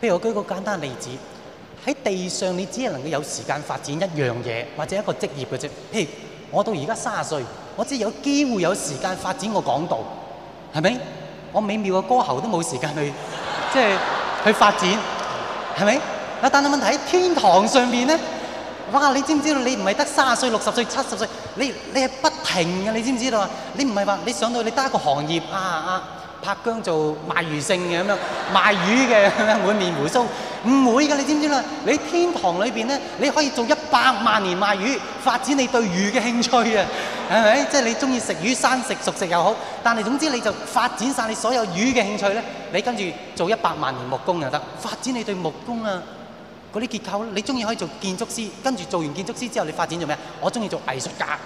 譬如我舉個簡單例子。喺地上你只係能夠有時間發展一樣嘢或者一個職業嘅啫。譬、hey，如我到而家三十歲，我只係有機會有時間發展我講道，係咪？我美妙嘅歌喉都冇時間去即係、就是、去發展，係咪？啊！但係問題喺天堂上邊咧，哇！你知唔知，知，知道？你唔係得三十歲、六十歲、七十歲，你你係不停嘅，你知唔知道啊？你唔係話你上到你得一個行業啊啊！啊拍姜做賣魚性嘅，咁樣賣魚嘅，滿面鬍鬚唔會㗎，你知唔知啦？你天堂裏面咧，你可以做一百萬年賣魚，發展你對魚嘅興趣啊！係咪？即係你中意食魚生食熟食又好，但係總之你就發展晒你所有魚嘅興趣咧。你跟住做一百萬年木工又得，發展你對木工啊嗰啲結構。你中意可以做建築師，跟住做完建築師之後，你發展做咩啊？我中意做藝術家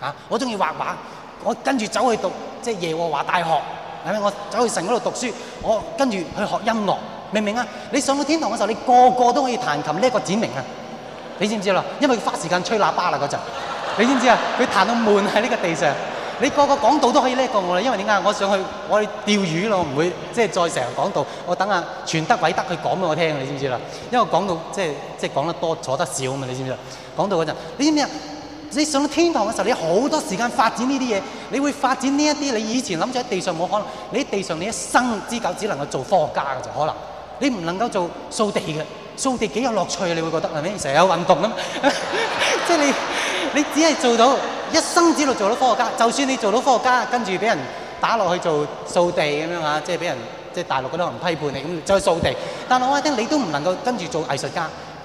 啊！我中意畫畫，我跟住走去讀即係耶和華大學。係咪我走去城嗰度讀書？我跟住去學音樂，明唔明啊？你上到天堂嘅時候，你個個都可以彈琴呢個展明啊！你知唔知啦？因為佢花時間吹喇叭啦嗰陣，你知唔知啊？佢彈到悶喺呢個地上，你個個講到都可以呢個我，因為點解我上去我哋釣魚咯？我唔會即係、就是、再成日講到，我等下全德偉德偉德佢講俾我聽，你知唔知啦？因為講到即係即係講得多，坐得少啊嘛！你知唔知啊？講到嗰陣，你知唔知啊？你上到天堂嘅時候，你好多時間發展呢啲嘢，你會發展呢一啲你以前諗住喺地上冇可能。你喺地上你一生之久只能夠做科學家嘅就可能你唔能夠做掃地嘅。掃地幾有樂趣你會覺得係咪成日有運動咁？即 係你你只係做到一生之內做到科學家。就算你做到科學家，跟住俾人打落去做掃地咁樣嚇，即係俾人即係、就是、大陸嗰啲人批判你咁再掃地。但係我覺得你都唔能夠跟住做藝術家。做完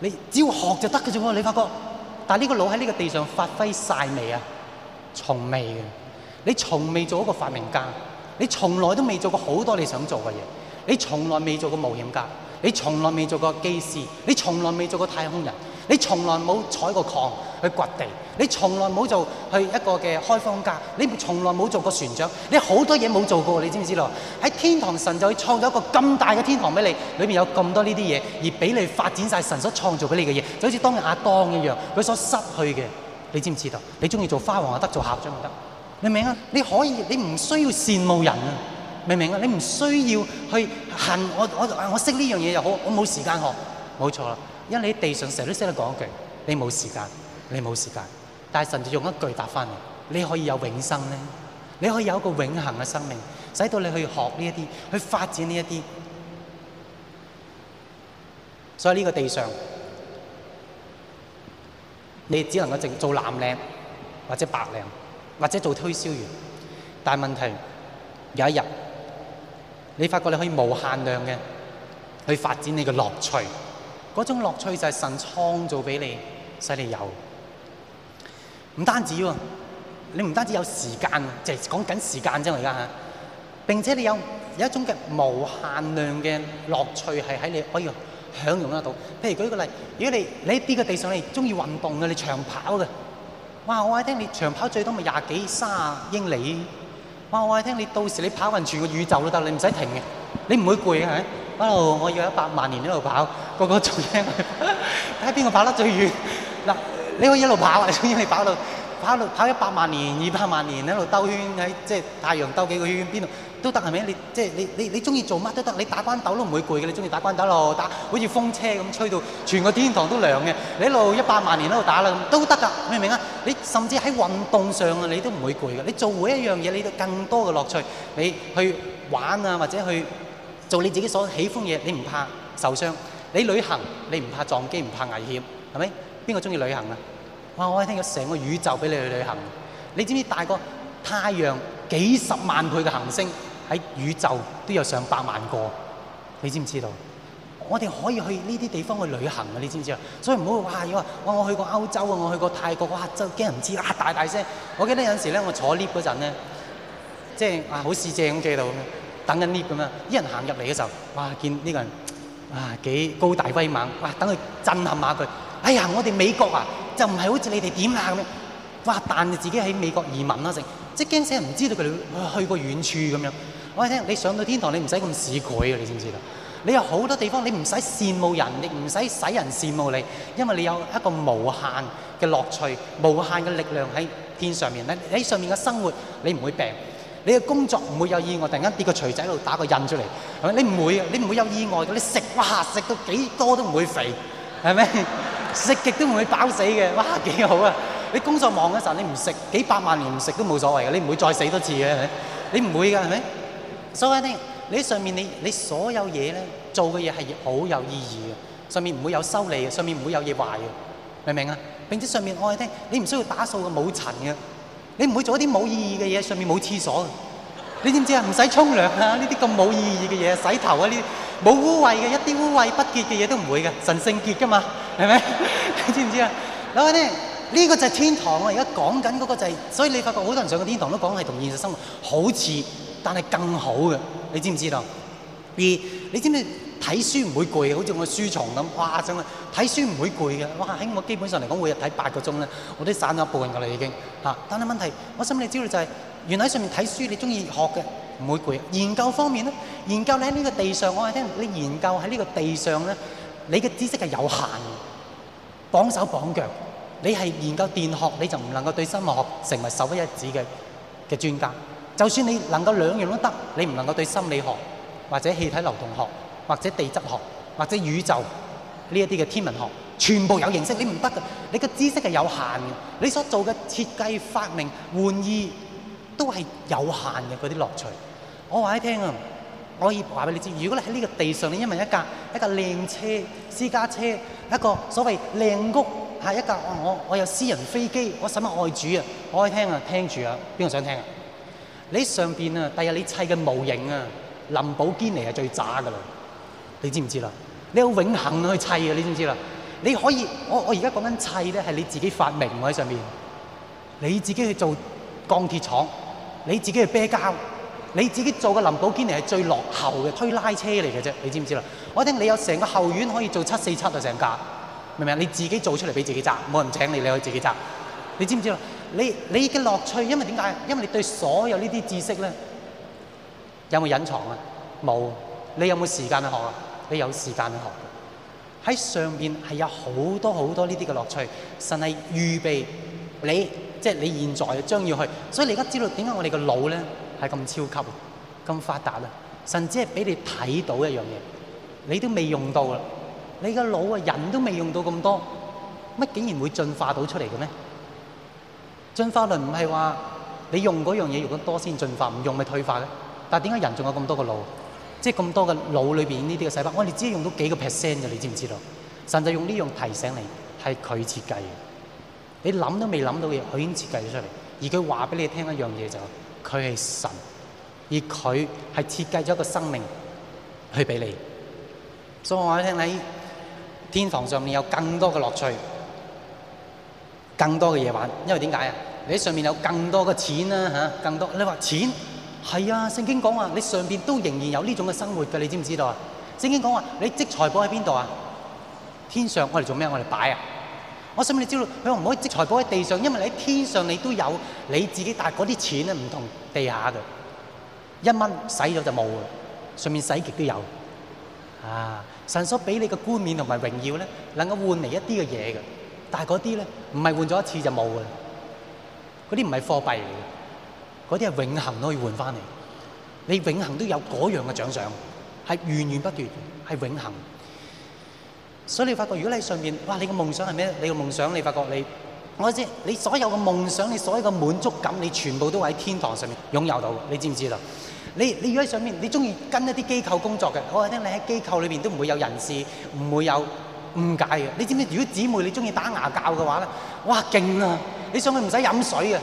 你只要學就得了，你發覺，但呢個腦在這個地上發揮晒未啊？從未嘅，你從未做過一個發明家，你從來都未做過好多你想做嘅嘢，你從來未做過冒險家，你從來未做過機師，你從來未做過太空人。你從來冇踩過礦去掘地，你從來冇做一個嘅開荒家，你從來冇做過船長，你好多嘢冇做過，你知唔知道？喺天堂，神就去創造一個咁大嘅天堂俾你，裏面有咁多呢啲嘢，而俾你發展曬神所創造俾你嘅嘢，就好似當日阿當一樣，佢所失去嘅，你知唔知道？你鍾意做花王又得，做校長又得，明唔明啊？你可以，你唔需要羨慕人，明唔明啊？你唔需要去恨我，我我識呢樣嘢好，我冇時間學，冇錯啦。因為你地上成日都識得講一句：你冇時間，你冇時間。但係神就用一句答返你：你可以有永生呢，你可以有一個永恆嘅生命，使到你去學呢一啲，去發展呢一啲。所以呢個地上，你只能夠做藍領，或者白領，或者做推銷員。但問題有一日，你發覺你可以無限量嘅去發展你嘅樂趣。嗰種樂趣就係神創造俾你，使、就是、你有。唔單止喎，你唔單止有時間，就係講緊時間啫。我而家嚇，並且你有有一種嘅無限量嘅樂趣係喺你，可以享用得到。譬如舉個例，如果你你喺呢個地上你中意運動嘅，你長跑嘅，哇！我話你聽，你長跑最多咪廿幾卅英里，哇！我話你聽，你到時你跑勻全個宇宙都得，你唔使停嘅，你唔會攰嘅係。一路，我要一百萬年一路跑，個個做嘢我要睇下邊個跑得最遠？嗱，你可以一路跑，你中意你跑到跑跑一百萬年、二百萬年喺度兜圈，喺即係太陽兜幾個圈，邊度都得係咪？你即係、就是、你你你中意做乜都得，你打關鬥都唔會攰嘅。你中意打關鬥咯，打好似風車咁吹到全個天堂都涼嘅，你一路一百萬年喺度打啦，都得㗎，明唔明啊？你甚至喺運動上啊，你都唔會攰嘅。你做每一樣嘢，你都有更多嘅樂趣，你去玩啊，或者去。做你自己所喜歡嘢，你唔怕受傷。你旅行，你唔怕撞機，唔怕危險，係咪？邊個中意旅行啊？哇！我可以聽到成個宇宙俾你去旅行。你知唔知大個太陽幾十萬倍嘅行星喺宇宙都有上百萬個？你知唔知道？我哋可以去呢啲地方去旅行嘅，你知唔知啊？所以唔好話要話我我去過歐洲啊，我去過泰國，哇！就驚唔知啊，大大聲。我記得有時咧，我坐 lift 嗰陣咧，即係好視正咁記到。啊等緊 lift 咁樣，啲人行入嚟嘅時候，哇！見呢個人啊幾高大威猛，哇！等佢震撼下佢。哎呀，我哋美國啊，就唔係好似你哋點啊咁樣。哇！但你自己喺美國移民啦，成即係驚死人唔知道佢哋去過遠處咁樣。我話你聽，你上到天堂你唔使咁羨慕佢嘅，你知唔知道？你有好多地方你唔使羨慕人，你唔使使人羨慕你，因為你有一個無限嘅樂趣、無限嘅力量喺天上面咧。喺上面嘅生活你唔會病。你嘅工作唔會有意外，突然間跌個錘仔喺度打個印出嚟，係咪？你唔會嘅，你唔會有意外嘅。你食，哇！食到幾多都唔會肥，係咪？食極都唔會飽死嘅，哇！幾好啊！你工作忙嘅時候，你唔食幾百萬年唔食都冇所謂嘅，你唔會再死多次嘅，係咪？你唔會㗎，係咪？所以咧，你上面你你所有嘢咧，做嘅嘢係好有意義嘅，上面唔會有修理嘅，上面唔會有嘢壞嘅，明唔明啊？並且上面我話你聽，你唔需要打掃嘅，冇塵嘅。你唔會做一啲冇意義嘅嘢，上面冇廁所嘅，你知唔知啊？唔使沖涼啊，呢啲咁冇意義嘅嘢，洗頭啊呢啲，冇污穢嘅，一啲污穢不潔嘅嘢都唔會嘅，神聖潔噶嘛，係咪？ 你知唔知、這個、啊？嗱，呢呢個就係天堂喎，而家講緊嗰個就係，所以你發覺好多人上過天堂都講係同現實生活好似，但係更好嘅，你知唔知道？二，你知唔知？睇書唔會攰，好似我的書牀咁，哇！真係睇書唔會攰嘅，哇！喺我基本上嚟講，每日睇八個鐘咧，我都散咗一半噶啦已經。嚇，但係問題，我想你知道就係、是，原來喺上面睇書，你中意學嘅唔會攰。研究方面咧，研究你喺呢個地上，我係聽你，你研究喺呢個地上咧，你嘅知識係有限嘅，綁手綁腳。你係研究電學，你就唔能夠對生物學成為首屈一指嘅嘅專家。就算你能夠兩樣都得，你唔能夠對心理學或者氣體流動學。或者地質學，或者宇宙呢一啲嘅天文學，全部有認識，你唔得㗎。你嘅知識係有限嘅，你所做嘅設計發明玩意都係有限嘅嗰啲樂趣。我話你聽啊，我可以話俾你知。如果你喺呢個地上，你因為一蚊一架，一架靚車私家車，一個所謂靚屋，下一架我我有私人飛機，我使乜愛住啊？我愛聽啊，聽住啊，邊個想聽啊？你上邊啊？第日你砌嘅模型啊，林寶堅尼係最渣㗎啦～你知唔知啦？你有永恆去砌嘅，你知唔知啦？你可以，我我而家講緊砌咧，係你自己發明喎喺上面，你自己去做鋼鐵廠，你自己去啤膠，你自己做嘅林寶堅尼係最落後嘅推拉車嚟嘅啫。你知唔知啦？我聽你有成個後院可以做七四七啊，成架，明唔明？你自己做出嚟俾自己揸，冇人請你，你可以自己揸。你知唔知啦？你你嘅樂趣，因為點解？因為你對所有呢啲知識咧，有冇隱藏啊？冇，你有冇時間去學啊？你有時間去學，喺上邊係有好多好多呢啲嘅樂趣，神係預備你，即係你現在將要去。所以你而家知道點解我哋個腦咧係咁超級，咁發達咧？甚至係俾你睇到一樣嘢，你都未用到啦。你個腦啊，人都未用到咁多，乜竟然會進化到出嚟嘅咩？進化論唔係話你用嗰樣嘢用得多先進化，唔用咪退化嘅。但係點解人仲有咁多個腦？即係咁多嘅腦裏邊呢啲嘅細胞，我哋只係用到幾個 percent 嘅，你知唔知道？甚至用呢樣提醒你，係佢設計嘅。你諗都未諗到嘅嘢，佢已經設計咗出嚟。而佢話俾你聽一樣嘢就係，是，佢係神，而佢係設計咗一個生命去俾你。所以我話你聽喺天堂上，上面有更多嘅樂趣，更多嘅嘢玩。因為點解啊？你喺上面有更多嘅錢啦嚇，更多你話錢。係啊，聖經講話你上邊都仍然有呢種嘅生活嘅，你知唔知道啊？聖經講話你積財寶喺邊度啊？天上。我哋做咩？我哋擺啊！我想問你知道佢話唔可以積財寶喺地上，因為你喺天上你都有你自己，但係嗰啲錢咧唔同地下嘅，一蚊洗咗就冇嘅，上面洗極都有。啊！神所俾你嘅冠冕同埋榮耀咧，能夠換嚟一啲嘅嘢嘅，但係嗰啲咧唔係換咗一次就冇嘅，嗰啲唔係貨幣嚟嘅。嗰啲係永恆都可以換翻嚟，你永恆都有嗰樣嘅獎賞，係源源不斷，係永恆。所以你發覺，如果你喺上面，哇！你嘅夢想係咩咧？你嘅夢想，你發覺你，我知，你所有嘅夢想，你所有嘅滿足感，你全部都喺天堂上面擁有到，你知唔知啦？你你如果喺上面，你中意跟一啲機構工作嘅，我話聽你喺機構裏邊都唔會有人事，唔會有誤解嘅。你知唔知？如果姊妹你中意打牙鉸嘅話咧，哇，勁啊！你上去唔使飲水啊。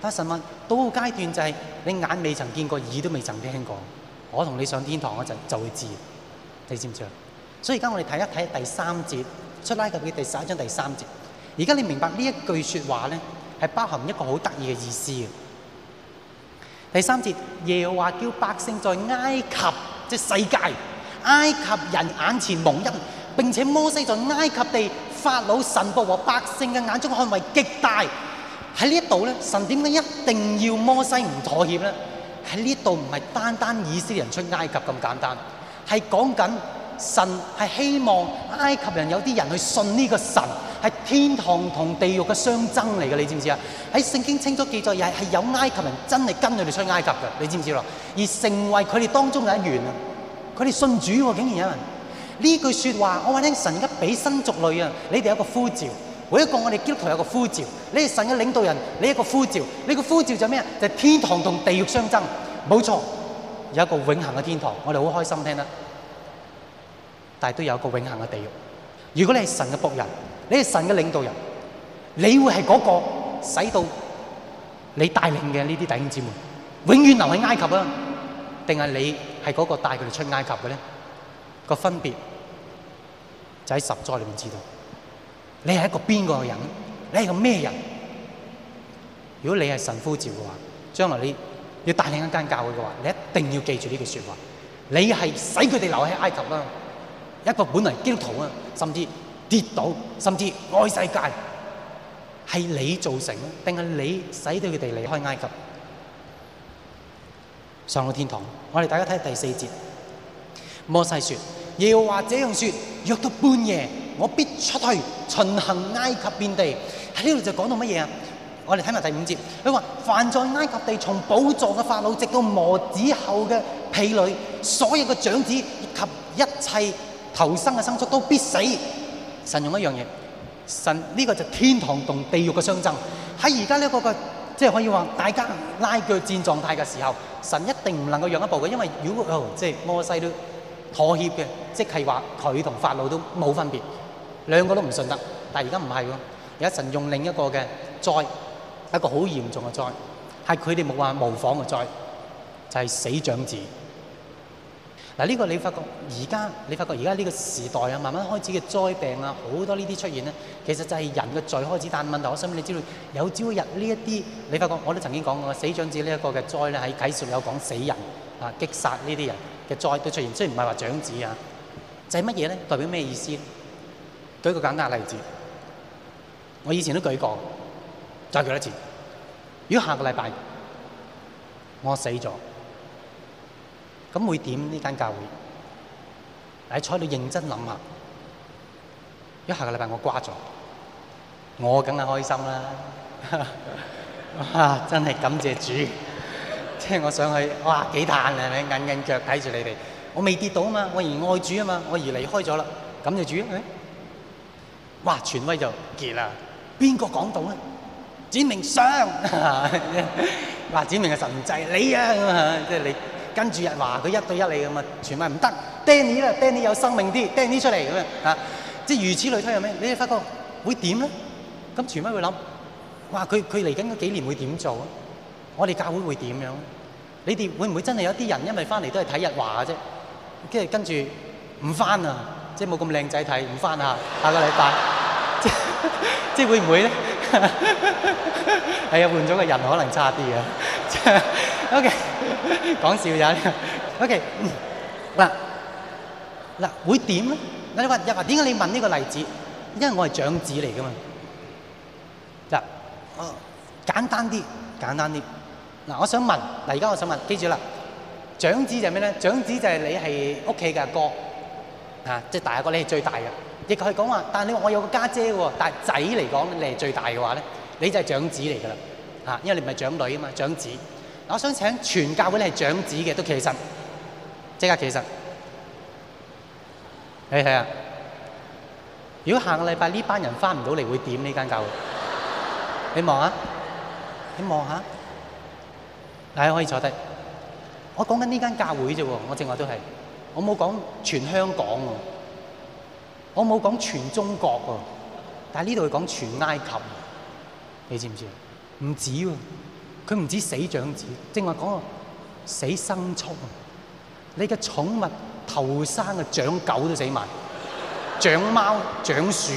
但神問，到個階段就係你眼未曾見過，耳都未曾聽過。我同你上天堂嗰陣就，就會知道，你知唔知？所以而家我哋睇一睇第三節出埃及記嘅第十一章第三節。而家你明白呢一句說話呢，係包含一個好得意嘅意思嘅。第三節，耶和華叫百姓在埃及即、就是、世界埃及人眼前蒙恩，並且摩西在埃及地法老臣僕和百姓嘅眼中看為極大。喺呢一度咧，神點解一定要摩西唔妥協咧？喺呢一度唔係單單以色列人出埃及咁簡單，係講緊神係希望埃及人有啲人去信呢個神，係天堂同地獄嘅相爭嚟嘅，你知唔知啊？喺聖經清楚記載，又係係有埃及人真係跟佢哋出埃及嘅，你知唔知咯？而成為佢哋當中嘅一員啊！佢哋信主喎，竟然有人呢句説話，我話呢神而家俾新族類啊，你哋有個呼召。每一個我哋基督徒有個呼召，你係神嘅領導人，你一個呼召，你，是你是個呼召，呼召就咩啊？就係天堂同地獄相爭，冇錯，有一個永恒嘅天堂，我哋好開心聽得，但係都有一個永恒嘅地獄。如果你係神嘅僕人，你係神嘅領導人，你會係嗰個使到你帶領嘅呢啲弟兄姊妹永遠留喺埃及啊？定係你係嗰個帶佢哋出埃及嘅咧？個分別就喺十災裏面知道。你係一個邊個人？你係個咩人？如果你係神呼召嘅話，將來你要帶領一間教會嘅話，你一定要記住呢句説話。你係使佢哋留喺埃及啦。一個本嚟基督徒啊，甚至跌倒，甚至愛世界，係你造成定係你使到佢哋離開埃及上個天堂？我哋大家睇下第四節，摩西説：耶和華話這樣説，約到半夜，我必出去巡行埃及遍地。喺呢度就講到乜嘢啊？我哋睇埋第五節，佢話凡在埃及地從寶座嘅法老直到磨子後嘅婢女，所有嘅長子以及一切頭生嘅牲畜都必死。神用一樣嘢，神呢個就天堂同地獄嘅相爭。喺而家呢個嘅，即係可以話大家拉鋸戰狀態嘅時候，神一定唔能夠讓一步嘅，因為如果、哦、即係摩西都妥協嘅，即係話佢同法老都冇分別。兩個都唔信得，但係而家唔係喎。而家神用另一個嘅災，一個好嚴重嘅災，係佢哋冇話模仿嘅災，就係死長子。嗱，呢個你發覺而家，你發覺而家呢個時代啊，慢慢開始嘅災病啊，好多呢啲出現咧，其實就係人嘅罪開始。但係問題，我想畀你知道有朝一日呢一啲，你發覺我都曾經講過死長子呢一個嘅災咧，喺解説有講死人啊，擊殺呢啲人嘅災都出現，雖然唔係話長子啊，就係乜嘢咧？代表咩意思？舉個簡單嘅例子，我以前都舉過，再舉一次。如果下個禮拜我死咗，咁會點呢間教會？你坐喺度認真諗下。如果下個禮拜我瓜咗，我梗係開心啦！真係感謝主，即係我上去，哇幾攤啊！你硬硬腳睇住你哋，我未跌倒啊嘛，我而愛主啊嘛，我而離開咗啦，感謝主。哇！權威就結啦，邊個講到咧？展明上，話展明係神跡，你啊，即係你跟住日華佢一對一嚟咁啊，權威唔得，Danny 啦，Danny 有生命啲，Danny 出嚟咁啊，即係如此類推有咩？你哋發覺會點咧？咁權威會諗，哇！佢佢嚟緊嗰幾年會點做啊？我哋教會會點樣？你哋會唔會真係有啲人因為返嚟都係睇日華嘅啫？跟住跟住唔返啊！即係冇咁靚仔睇，唔翻下，下個禮拜即係即係會唔會咧？係啊，換咗個人可能差啲嘅。OK，講笑啫。OK，嗱嗱會點咧？嗱你話一話點解你問呢個例子？因為我係長子嚟㗎嘛。嗱，我簡單啲，簡單啲。嗱，我想問，嗱而家我想問，記住啦，長子就係咩咧？長子就係你係屋企嘅阿哥。啊！即、就是、大阿哥你係最大嘅，亦係講話。但你話我有個家姐喎，但仔嚟講你係最大嘅話咧，你就係長子嚟噶啦。嚇、啊，因為你唔係長女啊嘛，長子。我想請全教會你係長子嘅都企實，即刻企實。你睇下，如果下個禮拜呢班人翻唔到嚟，會點呢間教會？你望下，你望下，哎、大家可以坐低。我講緊呢間教會啫喎，我正話都係。我冇講全香港喎，我冇講全中國喎，但係呢度係講全埃及，你知唔知？唔止喎，佢唔止死長子，正話講死牲畜啊！你嘅寵物頭生嘅長狗都死埋，長貓、長鼠、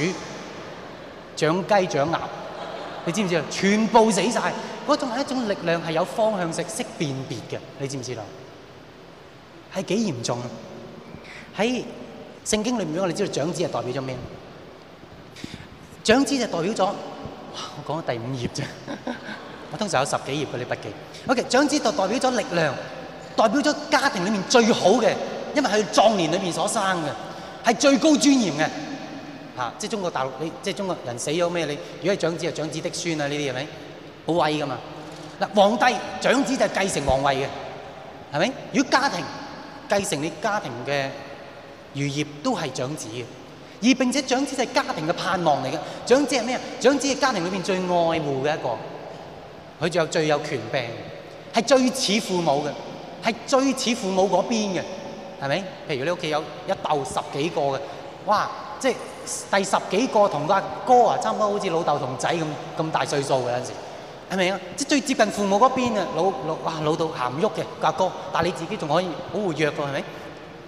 長雞、長鴨，你知唔知啊？全部死晒。嗰種係一種力量，係有方向性、識辨別嘅，你知唔知道？係幾嚴重？喺聖經裏面咧，我哋知道長子係代表咗咩？長子就代表咗，我講咗第五頁啫。我當時有十幾頁嗰啲筆記。OK，長子就代表咗力量，代表咗家庭裏面最好嘅，因為係壯年裏面所生嘅，係最高尊嚴嘅。嚇！即係中國大陸，你即係中國人死咗咩？你如果係長子，係長子的孫啊，呢啲係咪？好威㗎嘛！嗱，皇帝長子就係繼承皇位嘅，係咪？如果家庭繼承你家庭嘅。餘孽都係長子嘅，而並且長子就係家庭嘅盼望嚟嘅。長子係咩啊？長子係家庭裏邊最愛護嘅一個，佢又最有權柄，係最似父母嘅，係最似父母嗰邊嘅，係咪？譬如你屋企有一竇十幾個嘅，哇！即係第十幾個同個阿哥啊，差唔多好似老豆同仔咁咁大歲數嘅有陣時，係咪啊？即係最接近父母嗰邊嘅，老老哇，老到行唔喐嘅阿哥，但係你自己仲可以好活躍㗎，係咪？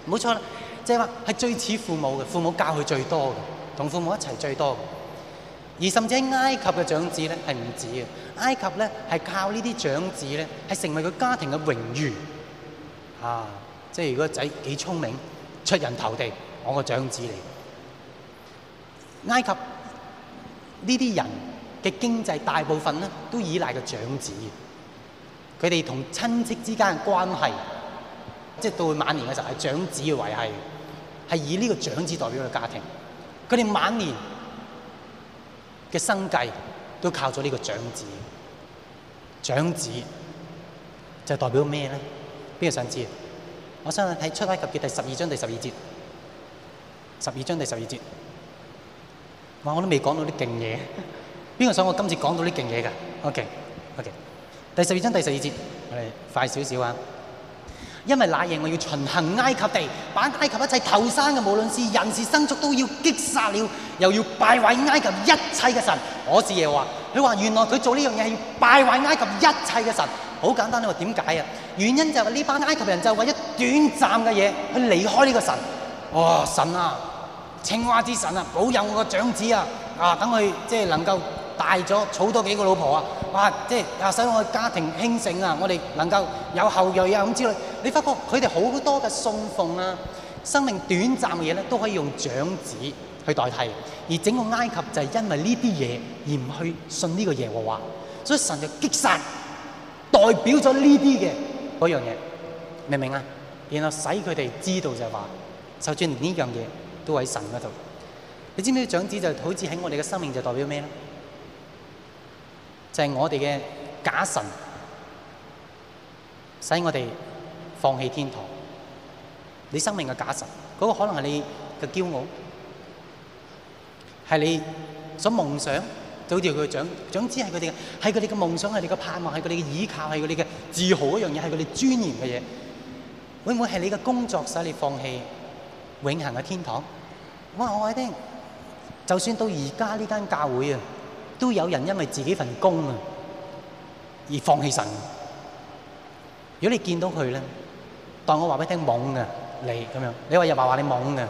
冇錯啦。即係話係最似父母嘅，父母教佢最多嘅，同父母一齊最多嘅。而甚至埃及嘅長子咧係唔止嘅，埃及咧係靠呢啲長子咧係成為佢家庭嘅榮譽。啊，即係如果仔幾聰明出人頭地，我個長子嚟。埃及呢啲人嘅經濟大部分咧都依賴個長子，佢哋同親戚之間嘅關係，即係到佢晚年嘅時候係長子嘅維係。是以呢個長子代表佢家庭，佢哋晚年嘅生計都靠咗呢個長子。長子就代表咩咧？邊個想知道？我想去睇出埃及記第十二章第十二節。十二章第十二節，哇！我都未講到啲勁嘢，邊 個想我今次講到啲勁嘢㗎？OK，OK，第十二章第十二節，我哋快少少啊！因為那夜我要巡行埃及地，把埃及一切投生嘅，無論是人是牲畜，都要擊殺了，又要敗壞埃及一切嘅神。我字嘢話，佢話原來佢做呢樣嘢係要敗壞埃及一切嘅神。好簡單，你話點解啊？原因就係呢班埃及人就是為一短暫嘅嘢去離開呢個神、哦。神啊，青蛙之神啊，保佑我個長子啊！等、啊、佢即係能夠。大咗，娶多幾個老婆啊！哇，即係又使我嘅家庭興盛啊！我哋能夠有後裔啊咁之類。你發覺佢哋好多嘅信奉啦，生命短暫嘅嘢咧，都可以用長子去代替。而整個埃及就係因為呢啲嘢而唔去信呢個耶和華，所以神就擊殺，代表咗呢啲嘅嗰樣嘢，明唔明啊？然後使佢哋知道就係話，就算連呢樣嘢都喺神嗰度。你知唔知長子就好似喺我哋嘅生命就代表咩咧？就係我哋嘅假神，使我哋放棄天堂。你生命嘅假神，嗰個可能係你嘅驕傲，係你所夢想，就好似佢嘅長長子，係佢哋嘅，係佢哋嘅夢想，係佢哋嘅盼望，係佢哋嘅依靠，係佢哋嘅自豪一樣嘢，係佢哋尊嚴嘅嘢。會唔會係你嘅工作使你放棄永恆嘅天堂？我話，我係聽，就算到而家呢間教會啊！都有人因為自己份工啊，而放棄神。如果你見到佢咧，當我話俾你聽，懵嘅你咁樣，你話又話話你懵嘅，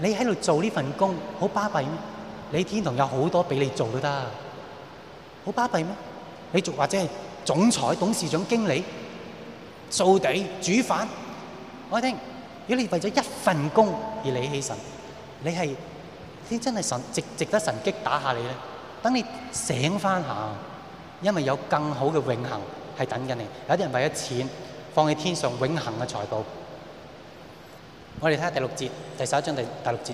你喺度做呢份工好巴閉咩？你天堂有好多俾你做都得，好巴閉咩？你做或者係總裁、董事長、經理、掃地、煮飯，我聽，如果你為咗一份工而離棄神，你係你真係神值值得神擊打下你咧？等你醒返下，因為有更好嘅永恆係等緊你。有啲人為咗錢，放棄天上永恆嘅財寶。我哋睇第六節，第十一章第第六節。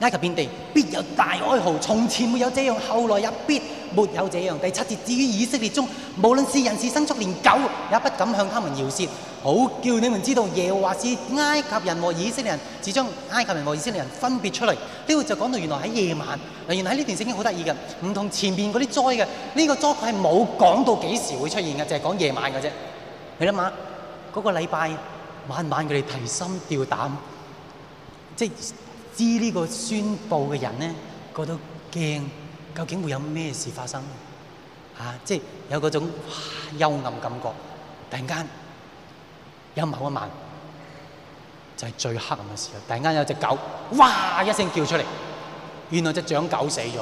埃及遍地必有大哀號，從前沒有這樣，後來也必沒有這樣。第七節，至於以色列中，無論是人是牲畜，連狗也不敢向他們搖舌，好叫你們知道耶和華是埃及人和以色列人，只將埃及人和以色列人分別出嚟。呢度就講到原來喺夜晚，原來喺呢段聖經好得意嘅，唔同前面嗰啲災嘅，呢、這個災佢係冇講到幾時會出現嘅，就係講夜晚嘅啫。你諗下，嗰、那個禮拜晚晚佢哋提心吊膽，即係。知呢個宣佈嘅人咧，感到驚，究竟會有咩事發生？嚇，即係有嗰種幽暗嘅感覺。突然間，有某一晚，就係最黑暗嘅時候。突然間有隻狗，哇一聲叫出嚟，原來隻長狗死咗，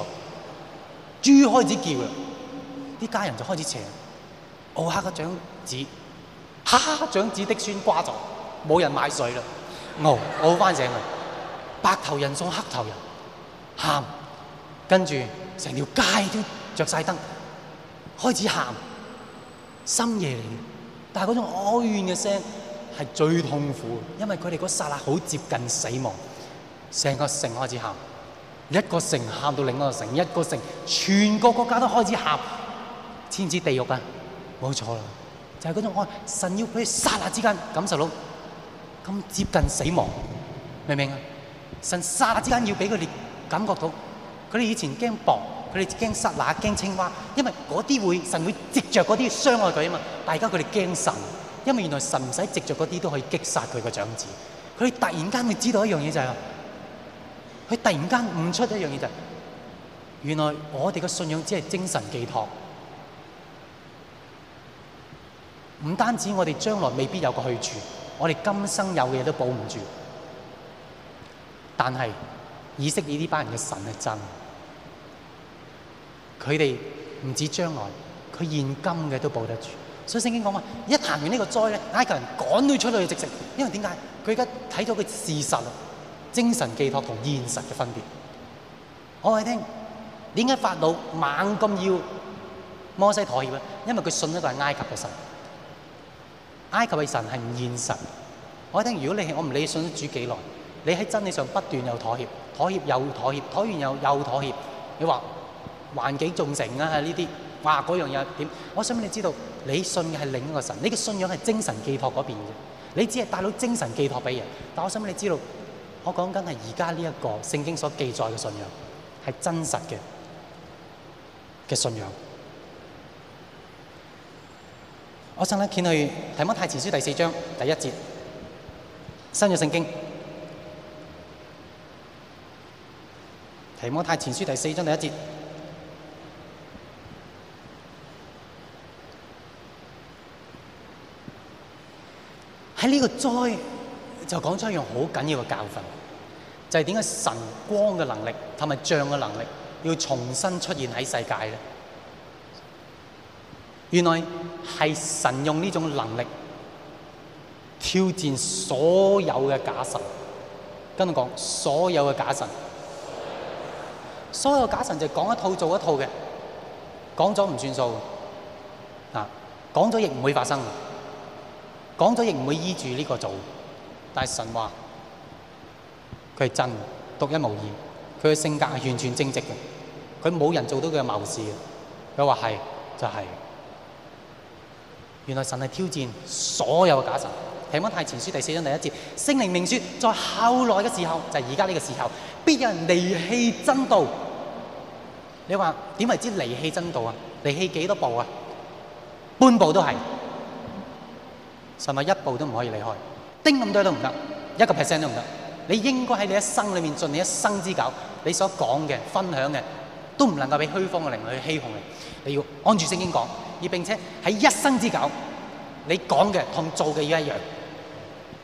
豬開始叫啦，啲家人就開始請敖黑嘅長子，嚇長子的孫瓜咗，就冇人買水啦，敖，我翻醒佢。白頭人送黑頭人，喊，跟住，成條街都着晒燈，開始喊，深夜嚟嘅，但係嗰種哀怨嘅聲係最痛苦，因為佢哋嗰剎那好接近死亡，成個城開始喊，一個城喊到另一個城，一個城，全個國家都開始喊，天子地獄啊，冇錯啦，就係嗰種哀，神要佢剎那之間感受到咁接近死亡，明唔明啊？神霎那之間要俾佢哋感覺到，佢哋以前驚雹、佢哋驚蝨乸、驚青蛙，因為嗰啲會神會藉着嗰啲傷害佢啊嘛。大家佢哋驚神，因為原來神唔使藉着嗰啲都可以擊殺佢個長子。佢哋突然間會知道一樣嘢就係，佢突然間悟出一樣嘢就係，原來我哋嘅信仰只係精神寄託，唔單止我哋將來未必有個去處，我哋今生有嘅嘢都保唔住。但係以色列呢班人嘅神係真的，佢哋唔止將來，佢現今嘅都保得住。所以聖經講話，一談完呢個災咧，埃及人趕佢出去去食食，因為點解？佢而家睇到嘅事實啊，精神寄託同現實嘅分別。我話聽，點解法老猛咁要摩西妥協啊？因為佢信一個係埃及嘅神，埃及嘅神係唔現實。我話聽，如果你我唔理信咗主幾耐。你喺真理上不斷有妥協妥協又妥協，妥協又妥協，妥完又又妥協。你話環境眾成啊，呢啲話嗰樣嘢點？我想俾你知道，你信嘅係另一個神，你嘅信仰係精神寄託嗰邊嘅。你只係帶到精神寄託俾人，但我想俾你知道，我講緊係而家呢一個聖經所記載嘅信仰係真實嘅嘅信仰。我想咧，揭去提摩太前書第四章第一節，新約聖經。《提摩太前書》第四章第一節，喺呢個災就講出一樣好緊要嘅教訓，就係點解神光嘅能力同埋仗嘅能力要重新出現喺世界咧？原來係神用呢種能力挑戰所有嘅假神，跟我講所有嘅假神。所有的假神就講一套做一套，嘅講咗唔算數，嗱，講咗亦唔會發生，講咗亦唔會依住呢個做，但是神話佢係真，獨一無二，佢嘅性格是完全正直嘅，佢冇人做到佢嘅謀事，佢話係，就係，原來神係挑戰所有的假神。《提摩太前書》第四章第一節，聖靈明説：在後來嘅時候，就係而家呢個時候，必有人離棄真道。你話點為之離棄真道啊？離棄幾多步啊？半步都係，甚至一步都唔可以離開。叮咁多都唔得，一個 percent 都唔得。你應該喺你一生裏面，盡你一生之久，你所講嘅、分享嘅，都唔能夠俾虛方嘅靈去欺哄你。你要按住聖經講，而並且喺一生之久，你講嘅同做嘅要一樣。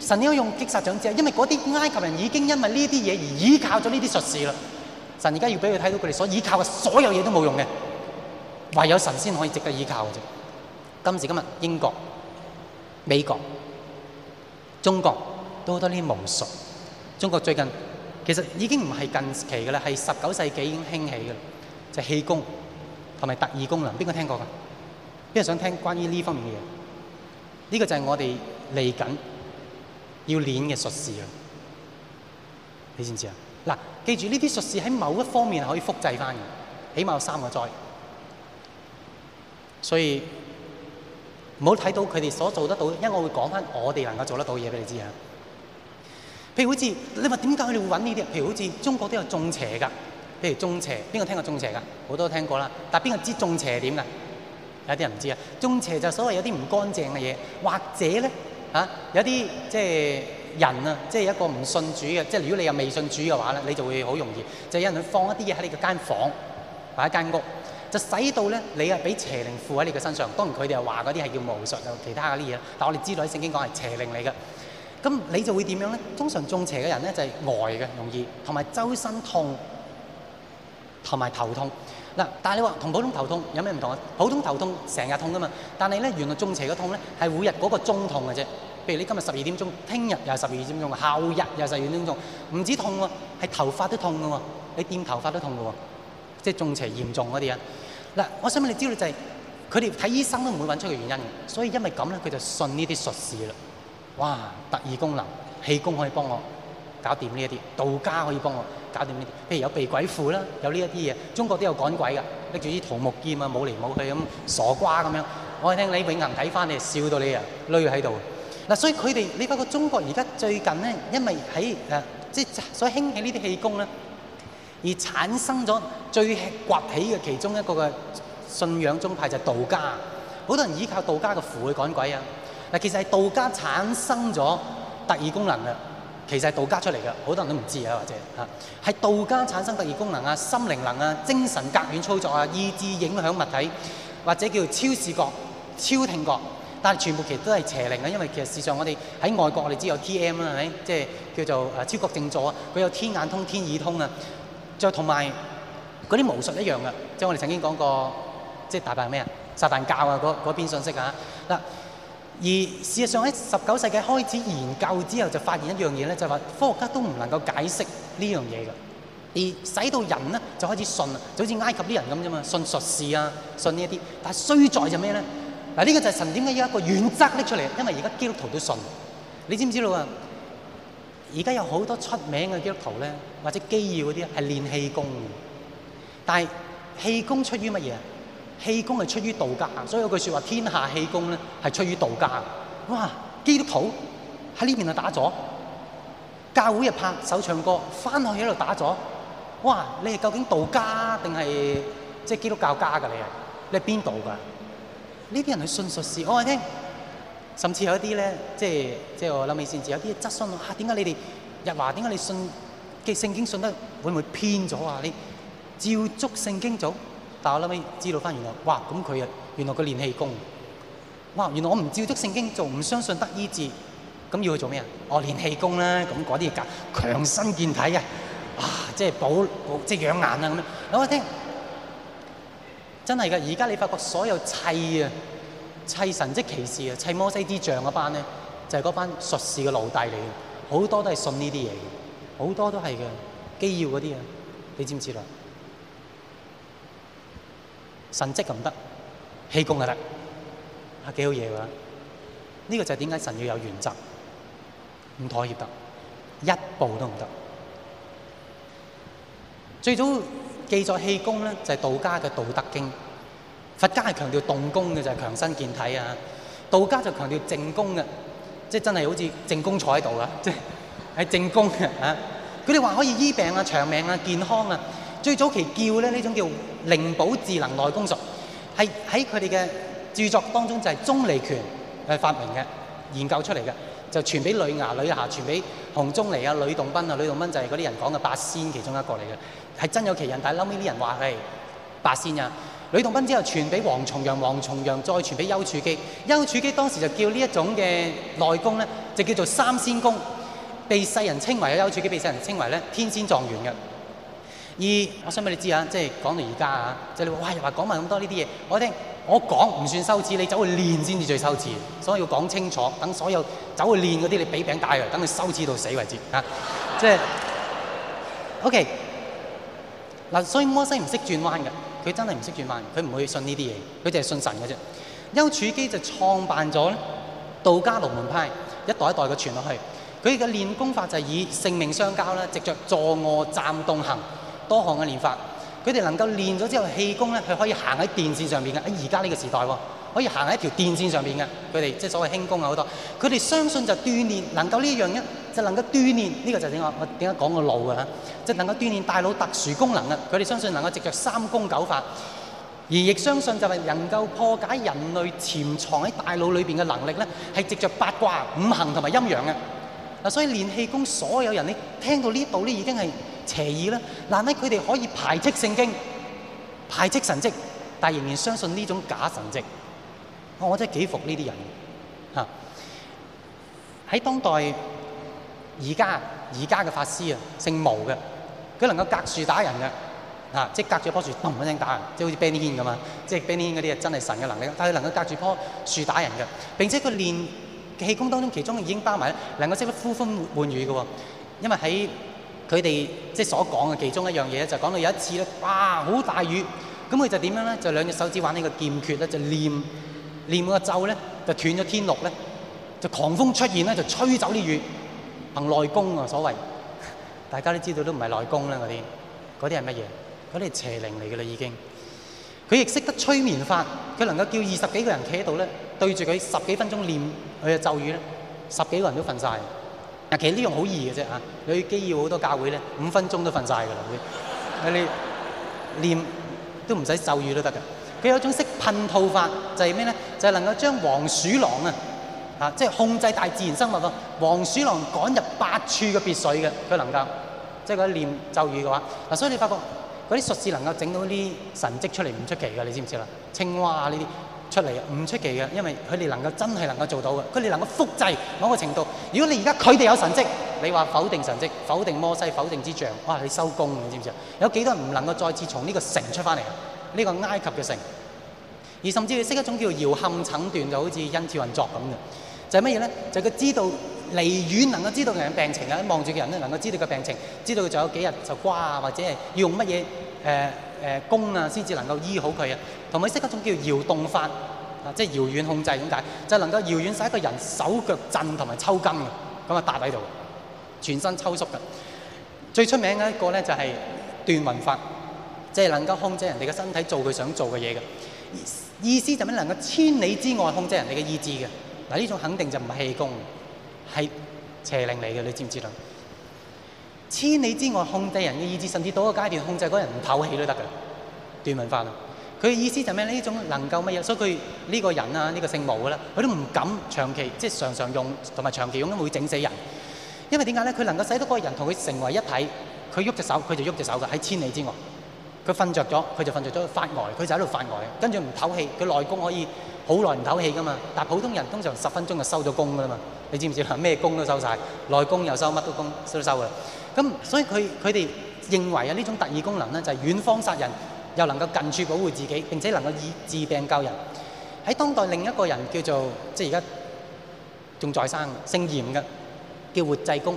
神要用擊殺長子啊？因為嗰啲埃及人已經因為呢啲嘢而依靠咗呢啲術士啦。神而家要俾佢睇到佢哋所依靠嘅所有嘢都冇用嘅，唯有神先可以值得依靠嘅啫。今時今日，英國、美國、中國都好多呢啲巫術。中國最近其實已經唔係近期嘅啦，係十九世紀已經興起嘅，就係、氣功同埋特異功能。邊個聽過㗎？邊個想聽關於呢方面嘅嘢？呢、呢個就係我哋嚟緊要練嘅術士啊，你知唔知啊？嗱，記住呢啲術士喺某一方面係可以複製返嘅，起碼有三個災。所以唔好睇到佢哋所做得到，因為我會講返我哋能夠做得到嘢，俾你知啊。譬如好似你話點解我哋會揾呢啲？譬如好似中國都有種邪㗎，譬如中邪，邊個聽過種邪噶？好多都聽過，但係邊個知道種邪點噶？有啲人唔知啊。種邪就係所謂有啲唔乾淨嘅嘢，或者呢嚇、啊！有啲即係人啊，即係一個唔信主嘅，即係如果你又未信主嘅話咧，你就會好容易，就有人去放一啲嘢喺你嘅間房或者一間屋，就使到咧你啊俾邪靈附喺你嘅身上。當然佢哋係話嗰啲係叫巫術啊，其他嗰啲嘢。但我哋知道喺聖經講係邪靈嚟嘅。咁你就會點樣咧？通常中邪嘅人咧就係、是、呆嘅，容易同埋周身痛同埋頭痛。嗱，但係你話同普通頭痛有咩唔同啊？普通頭痛成日痛噶嘛，但係咧原來中邪嘅痛咧係每日嗰個中痛嘅啫。譬如你今日十二點鐘，聽日又十二點鐘，後日又十二點鐘，唔止痛喎，係頭髮都痛嘅喎，你掂頭髮都痛嘅喎，即係中邪嚴重嗰啲人。嗱、嗯，我想問你知道、就係，就係佢哋睇醫生都唔會揾出個原因，所以因為咁咧，佢就信呢啲術士啦。哇，特異功能，氣功可以幫我搞掂呢一啲，道家可以幫我。搞掂呢啲，譬如有避鬼符啦，有呢一啲嘢，中國都有趕鬼嘅，拎住啲桃木劍啊，冇嚟冇去咁傻瓜咁樣。我聽李永行睇翻，你笑到你啊，累喺度。嗱，所以佢哋你發覺中國而家最近咧，因為喺誒，即係所以興起呢啲氣功咧，而產生咗最崛起嘅其中一個嘅信仰宗派就係道家。好多人依靠道家嘅符去趕鬼啊。嗱，其實係道家產生咗特異功能嘅。其實係道家出嚟嘅，好多人都唔知啊，或者嚇係道家產生特異功能啊、心靈能啊、精神隔遠操作啊、意志影響物體，或者叫超視覺、超聽覺，但係全部其實都係邪靈㗎，因為其實事實上我哋喺外國我哋知有 T.M 啦，係咪即係叫做誒超覺靜坐啊？佢有天眼通、天耳通啊，再同埋嗰啲巫術一樣嘅。即係我哋曾經講過，即係大笨係咩啊？撒旦教啊，嗰邊信息啊，得。而事實上喺十九世紀開始研究之後，就發現一樣嘢咧，就話科學家都唔能夠解釋呢樣嘢嘅，而使到人咧就開始信啊，就好似埃及啲人咁啫嘛，信術士啊信這些但是什麼，信呢一啲，但係衰在就咩咧？嗱，呢個就係神點解要一個原則拎出嚟，因為而家基督徒都信，你知唔知道啊？而家有好多出名嘅基督徒咧，或者基要嗰啲，係練氣功，但係氣功出於乜嘢？氣功係出於道家，所以有句說話：天下氣功咧係出於道家。哇！基督徒喺呢邊就打坐，教會啊拍手唱歌，翻去喺度打坐。哇！你係究竟道家定係即係基督教家㗎？你係你係邊度㗎？呢啲人係信術士，我話你聽。甚至有一啲咧，即係即係我諗起先，至有啲質詢我嚇，點、啊、解你哋日華？點解你信嘅聖經信得會唔會偏咗啊？你照足聖經做。但我嗰尾知道翻原來，哇！咁佢啊，原來佢練氣功。哇！原來我唔照足聖經仲唔相信得醫治，咁要佢做咩啊？我、哦、練氣功啦，咁嗰啲嘢強強身健體啊！哇！即係保即係養眼啊咁樣。我聽，真係噶！而家你發覺所有砌啊、砌神職騎士啊、砌摩西之像嗰班咧，就係、是、嗰班術士嘅奴隸嚟嘅，好多都係信呢啲嘢嘅，好多都係嘅，基要嗰啲啊，你知唔知啦？神蹟就唔得，氣功就得，係幾好嘢喎！呢、這個就係點解神要有原則，唔妥協得，一步都唔得。最早記載氣功咧，就係道家嘅《道德經》。佛家係強調動功嘅，就係、是、強身健體啊；道家就強調靜功嘅，即、就、係、是、真係好似靜功坐喺度啊，即係喺靜功嘅啊。佢哋話可以醫病啊、長命啊、健康啊。最早期叫咧呢種叫。靈寶智能內功術係喺佢哋嘅著作當中就係鍾離權係發明嘅、研究出嚟嘅，就傳俾呂牙、呂霞，傳俾洪鍾離啊、呂洞賓啊、呂洞賓就係嗰啲人講嘅八仙其中一個嚟嘅，係真有其人，但係後尾啲人話係八仙呀、啊。呂洞賓之後傳俾王重陽，王重陽再傳俾丘處機，丘處機當時就叫呢一種嘅內功咧，就叫做三仙功，被世人稱為啊，丘處機被世人稱為咧天仙狀元嘅。二，我想俾你知啊，即係講到而家啊，即係你話：哇，又話講埋咁多呢啲嘢。我聽我講唔算羞恥，你走去練先至最羞恥。所以要講清楚，等所有走去練嗰啲，你俾餅帶佢，等佢羞恥到死為止啊！ 即係 OK 嗱、啊，所以摩西唔識轉彎嘅，佢真係唔識轉彎，佢唔會信呢啲嘢，佢就係信神嘅啫。丘處機就創辦咗道家龍門派，一代一代嘅傳落去，佢嘅練功法就係以性命相交啦，直着坐卧站動行。多項嘅練法，佢哋能夠練咗之後，氣功咧係可以行喺電線上邊嘅。喺而家呢個時代喎，可以行喺一條電線上邊嘅。佢哋即係所謂輕功啊好多，佢哋相信就鍛鍊能夠呢樣一，就能夠鍛鍊呢、呢個就點講的？我點解講個腦嘅即係、能夠鍛鍊大腦特殊功能嘅。佢哋相信能夠藉着三功九法，而亦相信就係能夠破解人類潛藏喺大腦裏邊嘅能力咧，係藉着八卦、五行同埋陰陽嘅嗱。所以練氣功所有人咧，你聽到呢度咧已經係。邪意啦！難得佢哋可以排斥聖經、排斥神蹟，但仍然相信呢種假神蹟。我真係幾服呢啲人嚇！喺當代而家而家嘅法師啊，姓毛嘅，佢能夠隔樹打人嘅嚇，即係隔住棵樹嘣一聲打人，即係好似 Benny Hinn 咁嘛。即係 Benny Hinn 嗰啲啊，真係神嘅能力，但係佢能夠隔住棵樹打人嘅。並且佢練氣功當中，其中已經包埋能夠識得呼風喚雨嘅喎。因為喺佢哋即係所講嘅其中一樣嘢，就講到有一次咧，哇好大雨，咁佢就點樣咧？就兩隻手指玩呢個劍訣咧，就念念嗰個咒咧，就斷咗天落咧，就狂風出現咧，就吹走啲雨，憑內功啊所謂，大家都知道都唔係內功啦嗰啲，嗰啲係乜嘢？嗰啲係邪靈嚟噶啦已經。佢亦識得催眠法，佢能夠叫二十幾個人企喺度咧，對住佢十幾分鐘念佢嘅咒語咧，十幾個人都瞓晒。其實呢樣好易嘅啫吓，你基要好多教會咧，五分鐘都瞓晒噶啦，你念都唔使咒語都得噶。佢有一種識噴吐法，就係咩咧？就係、是、能夠將黃鼠狼啊，吓即係控制大自然生物個黃鼠狼趕入八處嘅別墅嘅，佢能夠即係佢一念咒語嘅話，嗱，所以你發覺嗰啲術士能夠整到啲神蹟出嚟唔出奇噶，你知唔知啦？青蛙啊呢啲。出嚟唔出奇嘅，因為佢哋能夠真係能夠做到嘅，佢哋能夠複製某個程度。如果你而家佢哋有神蹟，你話否定神蹟、否定摩西、否定之象，哇！你收工，你知唔知？有幾多人唔能夠再次從呢個城出翻嚟啊？呢、這個埃及嘅城，而甚至佢識一種叫搖撼診斷，就好似恩賜運作咁嘅，就係乜嘢咧？就佢、是、知道離遠能夠知道人嘅病情啊，望住人咧能夠知道個病情，知道佢仲有幾日就瓜啊，或者係要用乜嘢誒？呃誒、呃、功啊，先至能夠醫好佢啊，同埋識一種叫搖動法啊，即係遙遠控制點解？就是、能夠遙遠使一個人手腳震同埋抽筋嘅，咁啊搭喺度，全身抽縮嘅。最出名嘅一個咧就係、是、斷魂法，即、就、係、是、能夠控制人哋嘅身體做佢想做嘅嘢嘅。意思就係能夠千里之外控制人哋嘅意志嘅？嗱、啊、呢種肯定就唔係氣功，係邪靈嚟嘅，你知唔知道？千里之外控制人嘅意志，甚至到一個階段控制個人唔唞氣都得嘅，段文化啦。佢嘅意思就係咩？呢種能夠乜嘢？所以佢呢、這個人啊，呢、這個姓毛嘅啦，佢都唔敢長期即係常常用，同埋長期用咁會整死人。因為點解咧？佢能夠使到嗰個人同佢成為一體，佢喐隻手，佢就喐隻手嘅喺千里之外。佢瞓着咗，佢就瞓着咗，發呆、呃，佢就喺度發呆、呃。跟住唔唞氣，佢內功可以好耐唔唞氣噶嘛。但係普通人通常十分鐘就收咗工噶啦嘛。你知唔知？咩工都收晒，內功又收乜都工，收都收啦。咁所以佢佢哋認為啊，呢種特異功能咧就係遠方殺人，又能夠近處保護自己，並且能夠以治病救人。喺當代另一個人叫做即係而家仲在生，姓嚴嘅，叫活濟公，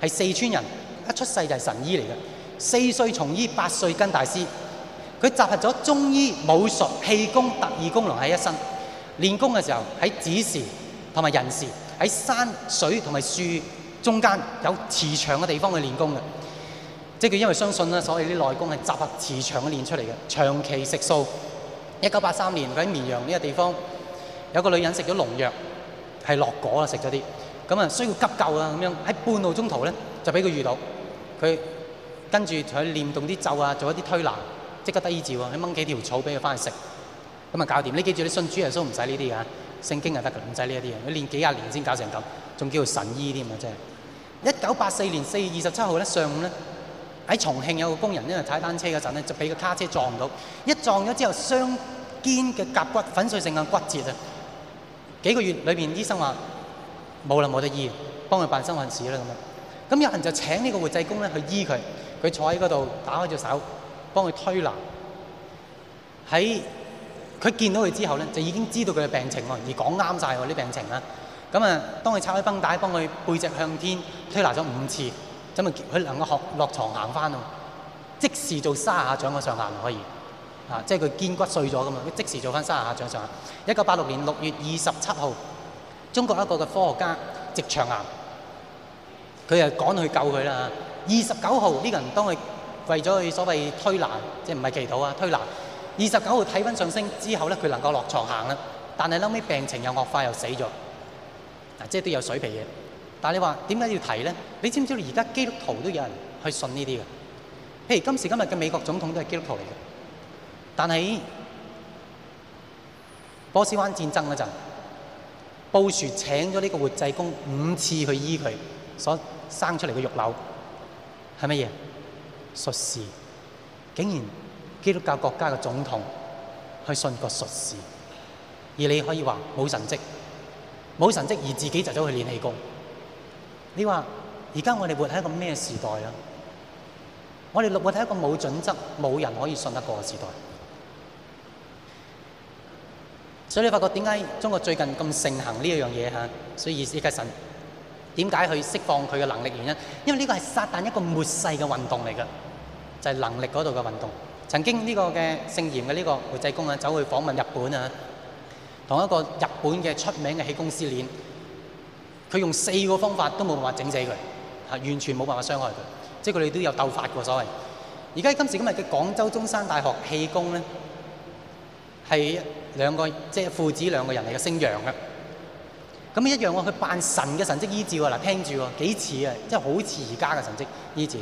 係四川人，一出世就係神醫嚟嘅。四歲從醫，八歲跟大師，佢集合咗中醫、武術、氣功、特異功能喺一身。練功嘅時候喺子時同埋人時，喺山水同埋樹。中間有磁場嘅地方去練功嘅，即係佢因為相信啦，所以啲內功係集合磁場嘅練出嚟嘅。長期食素，一九八三年佢喺綿陽呢個地方有個女人食咗農藥，係落果啊食咗啲，咁啊需要急救啊咁樣，喺半路中途咧就俾佢遇到，佢跟住佢念動啲咒啊，做一啲推拿，即刻得醫治喎，佢掹幾條草俾佢翻去食，咁啊搞掂。你記住，你信主耶穌唔使呢啲啊，聖經就得噶啦，唔使呢一啲嘢，佢練幾廿年先搞成咁。仲叫做神醫添啊，真係！一九八四年四月二十七號咧，上午咧喺重慶有個工人因為踩單車嗰陣咧，就俾個卡車撞到，一撞咗之後雙肩嘅甲骨粉碎性嘅骨折啊！幾個月裏邊，醫生話冇啦冇得醫，幫佢辦身殯事啦咁啊！咁有人就請呢個活濟公咧去醫佢，佢坐喺嗰度打開隻手幫佢推拿。喺佢見到佢之後咧，就已經知道佢嘅病情喎，而講啱晒喎啲病情啊。噉啊！當佢拆開繃帶，幫佢背脊向天推拿咗五次，準備佢能夠落床行翻即時做十下掌嘅上下可以即係佢肩骨碎咗啊！即時做三十下掌上下。一九八六年六月二十七號，中國一個嘅科學家直腸癌，佢就趕去救佢啦。二十九號呢個人當佢為咗佢所謂推拿，即係唔係祈禱啊推拿。二十九號體温上升之後呢，佢能夠落床行啦，但係後屘病情又惡化，又死咗。即係都有水平嘅，但係你話點解要提咧？你知唔知而家基督徒都有人去信呢啲嘅？譬如今時今日嘅美國總統都係基督徒嚟嘅，但係波斯灣戰爭嗰陣，布殊請咗呢個活濟公五次去醫佢所生出嚟嘅肉瘤，係乜嘢？術士竟然基督教國家嘅總統去信個術士，而你可以話冇神蹟。冇神跡而自己就走去練氣功，你話而家我哋活喺一個咩時代啊？我哋活喺一個冇準則、冇人可以信得過嘅時代。所以你發覺點解中國最近咁盛行呢一樣嘢嚇？所以而家神點解去釋放佢嘅能力原因？因為呢個係撒但一個末世嘅運動嚟㗎，就係能力嗰度嘅運動。曾經呢個嘅聖嚴嘅呢個梅濟公啊，走去訪問日本啊。同一個日本嘅出名嘅氣功師練，佢用四個方法都冇辦法整死佢，嚇完全冇辦法傷害佢，即係佢哋都有鬥法過所謂。而家今時今日嘅廣州中山大學氣功咧，係兩個即係、就是、父子兩個人嚟嘅，姓楊嘅。咁一樣喎，佢扮神嘅神蹟醫治，嗱聽住喎，幾似啊，即係好似而家嘅神蹟醫治。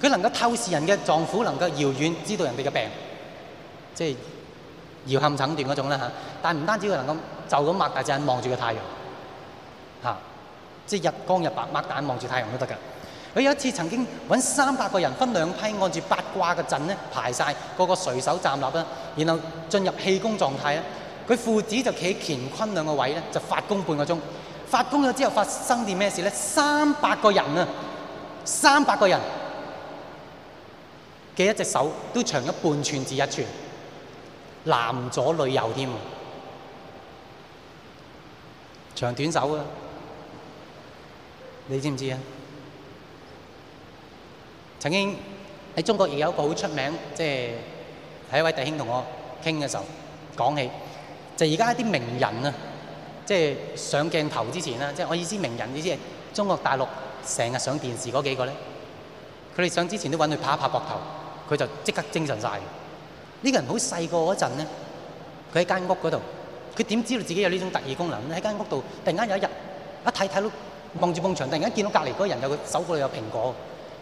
佢能夠透視人嘅臟腑，能夠遙遠知道人哋嘅病，即係。搖撼診斷嗰種，但係唔單止佢能夠就咁擘大隻眼望住個太陽，是即日光日白擘大眼望住太陽都得㗎。佢有一次曾經揾三百個人分兩批，按住八卦嘅陣咧排晒，各個個垂手站立，然後進入氣功狀態，他佢父子就企乾坤兩個位咧，就發功半個鐘。發功咗之後發生啲咩事呢？三百個人啊，三百個人嘅一隻手都長咗半寸至一寸。男左女右添，長短手啊！你知唔知啊？曾經喺中國亦有一個好出名，即係喺一位弟兄同我傾嘅時候講起，就而家一啲名人啊，即係上鏡頭之前啦，即係我意思，名人意思係中國大陸成日上電視嗰幾個咧，佢哋上之前都搵佢拍一拍膊頭，佢就即刻精神晒。呢個人好細個嗰陣咧，佢喺間屋嗰度，佢點知道自己有呢種特異功能咧？喺間屋度突然間有一日，一睇睇到望住埲牆，突然間見到隔離嗰個人有個手嗰度有蘋果，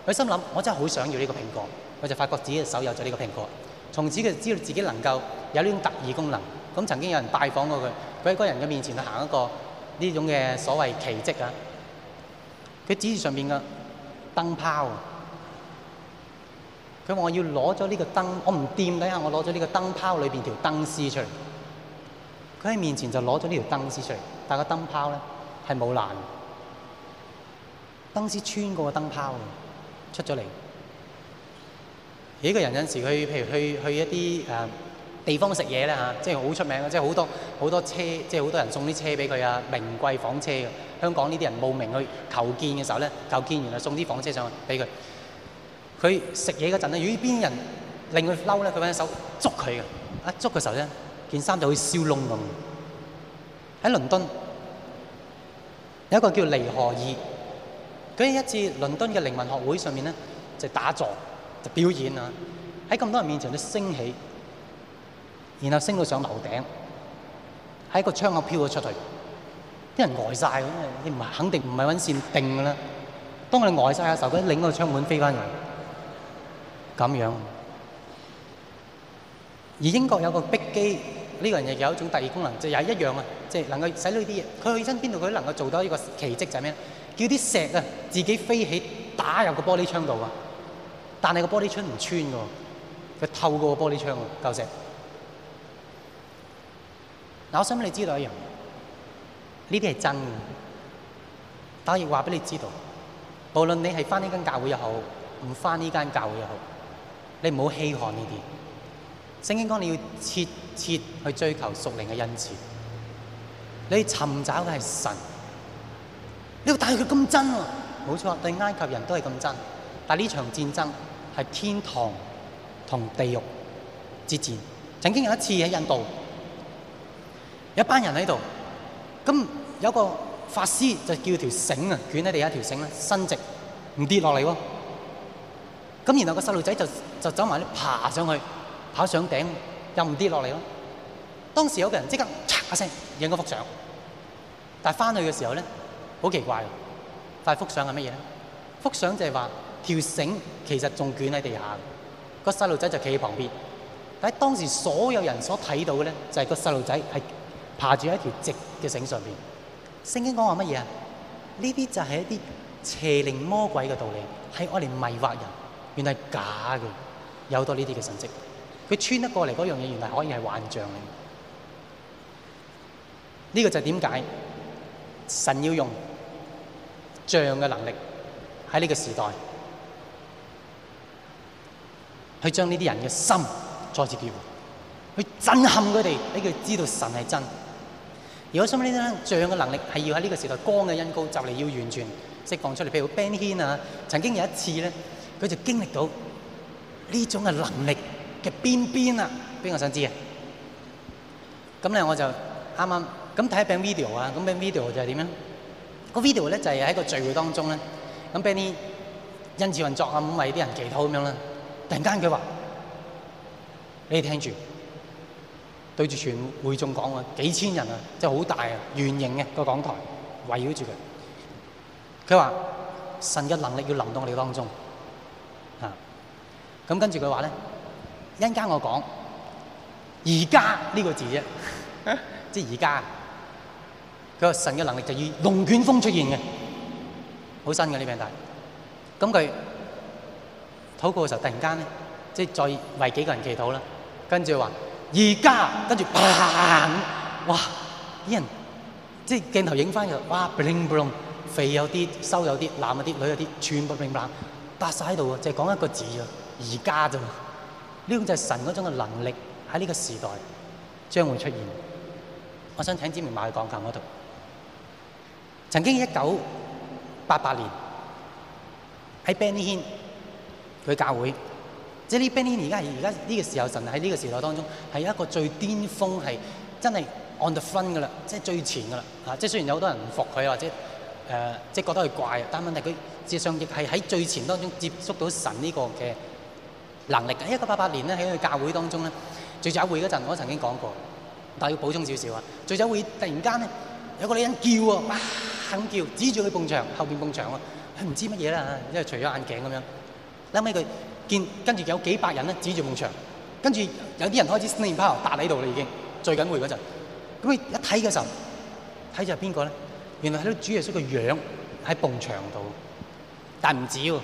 佢心諗我真係好想要呢個蘋果，佢就發覺自己嘅手有咗呢個蘋果，從此佢就知道自己能夠有呢種特異功能。咁曾經有人拜訪過佢，佢喺嗰人嘅面前去行一個呢種嘅所謂奇蹟啊！佢指住上邊嘅燈泡。佢話：我要攞咗呢個燈，我唔掂底下，我攞咗呢個燈泡裏邊條燈絲出嚟。佢喺面前就攞咗呢條燈絲出嚟，但個燈泡咧係冇爛，燈絲穿過個燈泡出咗嚟。依個人有時佢譬如去去，去一啲誒地方食嘢咧嚇，即係好出名嘅，即係好多好多車，即係好多人送啲車俾佢啊，名貴房車嘅。香港呢啲人慕名去求見嘅時候咧，求見完啊送啲房車上去俾佢。佢食嘢嗰陣咧，如果邊人令佢嬲咧，佢揾隻手捉佢嘅。一捉嘅時候咧，件衫就會燒窿咁。喺倫敦有一個叫尼荷爾，佢喺一次倫敦嘅靈魂學會上面咧就打坐就表演啊，喺咁多人面前都升起，然後升到上樓頂，喺個窗口飄咗出去，啲人呆晒，咁，你唔係肯定唔係搵線定㗎啦。當佢呆晒嘅時候，佢拎個個窗門飛翻嚟。這樣而英國有個壁機，呢、這個人又有一種特異功能，就是、一樣啊！即、就、係、是、能夠使到啲嘢。佢起身邊度，佢能夠做到一個奇蹟，就係咩？叫啲石啊，自己飛起打入個玻璃窗度啊！但係個玻璃窗唔穿㗎，佢透過個玻璃窗啊！夠、那個、石。我想畀你知道一樣，呢啲係真嘅。但我亦話俾你知道，無論你係返呢間教會又好，唔返呢間教會又好。你唔好稀罕呢啲。聖經講你要切切去追求屬靈嘅恩賜。你尋找嘅係神。你話但係佢咁真喎，啊，冇錯，對埃及人都係咁真。但係呢場戰爭係天堂同地獄之戰。曾經有一次喺印度，有一班人喺度，咁有個法師就叫條繩啊，捲喺地下條繩咧，伸直唔跌落嚟喎。咁然後個細路仔就就走埋咧，爬上去，跑上頂，又唔跌落嚟咯。當時有個人即刻嚓一聲影個幅相，但係返去嘅時候咧，好奇怪喎！但係幅相係乜嘢咧？幅相就係話條繩其實仲捲喺地下，個細路仔就企喺旁邊。但係當時所有人所睇到嘅咧，就係個細路仔係爬住喺條直嘅繩上邊。聖經講話乜嘢啊？呢啲就係一啲邪靈魔鬼嘅道理，係愛嚟迷惑人。原來係假嘅，有好多呢啲嘅神跡，佢穿得過嚟嗰樣嘢，原來可以係幻象嚟。呢個就係點解神要用象嘅能力喺呢個時代去將呢啲人嘅心再次叫，去震撼佢哋，俾佢知道神係真。如果心諗呢啲象嘅能力係要喺呢個時代光嘅恩膏就嚟要完全釋放出嚟，譬如 Ben 軒啊，曾經有一次咧。佢就經歷到呢種嘅能力嘅邊邊啊！邊個想知啊？咁咧我就啱啱咁睇一柄 video 啊。咁柄 video 就係點咧？個 video 咧就係喺個聚會當中咧，咁俾啲恩賜運作啊，咁為啲人祈禱咁樣啦。突然間佢話：你聽住，對住全會眾講啊，幾千人啊，即係好大啊，圓形嘅個講台圍繞住佢。佢話神嘅能力要臨到我哋當中。啊！咁跟住佢話咧，一陣間我講而家呢個字啫，即係而家。佢個神嘅能力就以龍捲風出現嘅，好新嘅呢片大。咁佢禱告嘅時候，突然間咧，即係再為幾個人祈禱啦。跟住話而家，跟住嘭！哇！啲人即係鏡頭影翻，入，哇！bling bling，肥有啲，瘦有啲，男有啲，女有啲，全部 bling bling。發晒喺度啊！就係講一個字啊，而家啫。呢種就係神嗰種嘅能力喺呢個時代將會出現。我想請子明埋去講教嗰度。曾經一九八八年喺 Benny Hinn 佢教會，即係呢 Benny Hinn 而家而家呢個時候，神喺呢個時代當中係一個最巔峰，係真係 on the front 噶啦，即係最前噶啦。嚇！即係雖然有好多人唔服佢，或者誒即係覺得佢怪，啊，但係問題佢。事實上亦係喺最前當中接觸到神呢個嘅能力嘅。一九八八年咧喺佢教會當中咧聚集會嗰陣，我曾經講過，但係要補充少少啊！聚集會突然間咧有個女人叫啊，猛咁叫，指住佢墳場後面墳場啊，佢唔知乜嘢啦，因為除咗眼鏡咁樣。後尾佢見跟住有幾百人咧指住墳場，跟住有啲人開始閃煙炮搭喺度啦，已經聚緊會嗰陣。咁佢一睇嘅時候，睇住係邊個咧？原來係個主耶穌嘅樣喺墳場度。但唔止喎，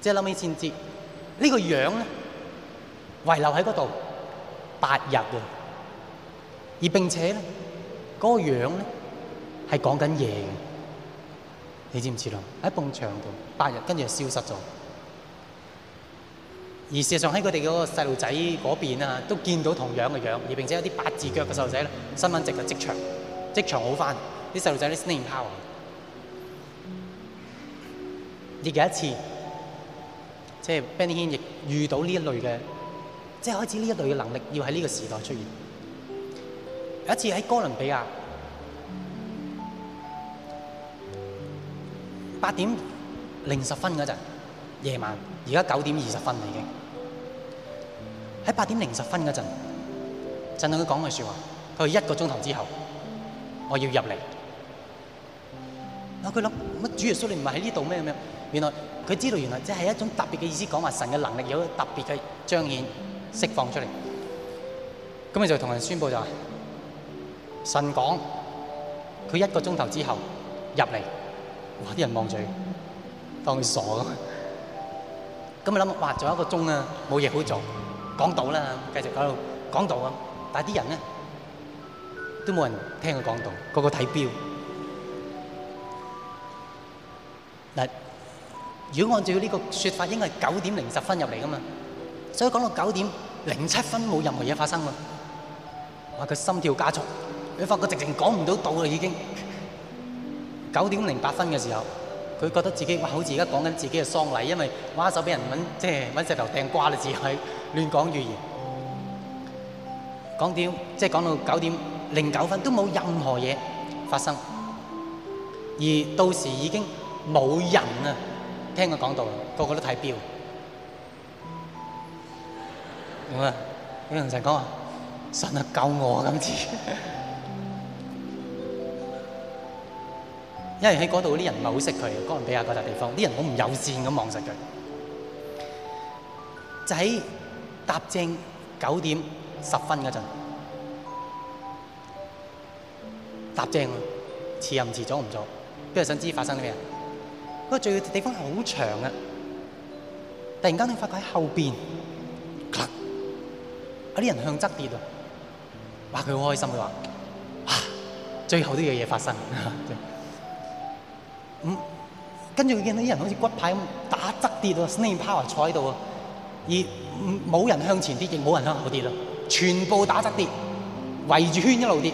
即係諗起先知呢、呢個樣咧，遺留喺嗰度八日啊。而並且咧嗰、嗰個樣咧係講緊嘢嘅，你知唔知咯？喺埲牆度八日，跟住消失咗。而事實上喺佢哋嗰個細路仔嗰邊啊，都見到同樣嘅樣，而並且有啲八字腳嘅細路仔咧，新聞即刻即場即場好翻，啲細路仔咧閃人跑。亦有一次，即係 Benny Hinn 亦遇到呢一類嘅，即係開始呢一類嘅能力要喺呢個時代出現。有一次喺哥倫比亞八點零十分嗰陣，夜晚而家九點二十分已經。喺八點零十分嗰陣，就向佢講句說話：佢一個鐘頭之後我要入嚟。嗱，佢諗乜？主耶穌，你唔係喺呢度咩？咁原來佢知道原來即係一種特別嘅意思，講話神嘅能力有特別嘅彰顯釋放出嚟。咁佢就同人宣佈就話：神講佢一個鐘頭之後入嚟。哇！啲人望住，當佢傻咁。咁啊諗：哇！仲有一個鐘啊，冇嘢好做，講道啦，繼續講道講道咁。但係啲人咧都冇人聽佢講道，個個睇表嗱。如果按照呢個説法，應該係九點零十分入嚟㗎嘛，所以講到九點零七分冇任何嘢發生喎。話佢心跳加速，佢發覺直情講唔到道啦已經。九點零八分嘅時候，佢覺得自己哇好似而家講緊自己嘅喪禮，因為哇手俾人揾，即係揾石頭掟瓜啦，自己亂講預言。講點即係講到九點零九分都冇任何嘢發生，而到時已經冇人啊！聽佢講道啦，個個都睇表。咁啊，啲人就講啊，神啊救我今次，因為喺嗰度啲人唔係好識佢，哥倫比亞嗰笪地方啲人好唔友善咁望實佢。就喺搭正，正，九點十分嗰陣，搭正遲又唔遲，遲，遲，遲，早唔早。邊個想知道發生啲咩？不過最要地方係好長啊！突然間你發覺喺後邊，有啲人向側跌啊！哇，佢好開心佢話，哇，最後都有嘢發生。咁跟住佢見到啲人好似骨牌咁打側跌到 s n a p r 坐喺度喎，而冇人向前跌，亦冇人向後跌咯，全部打側跌，圍住圈一路跌，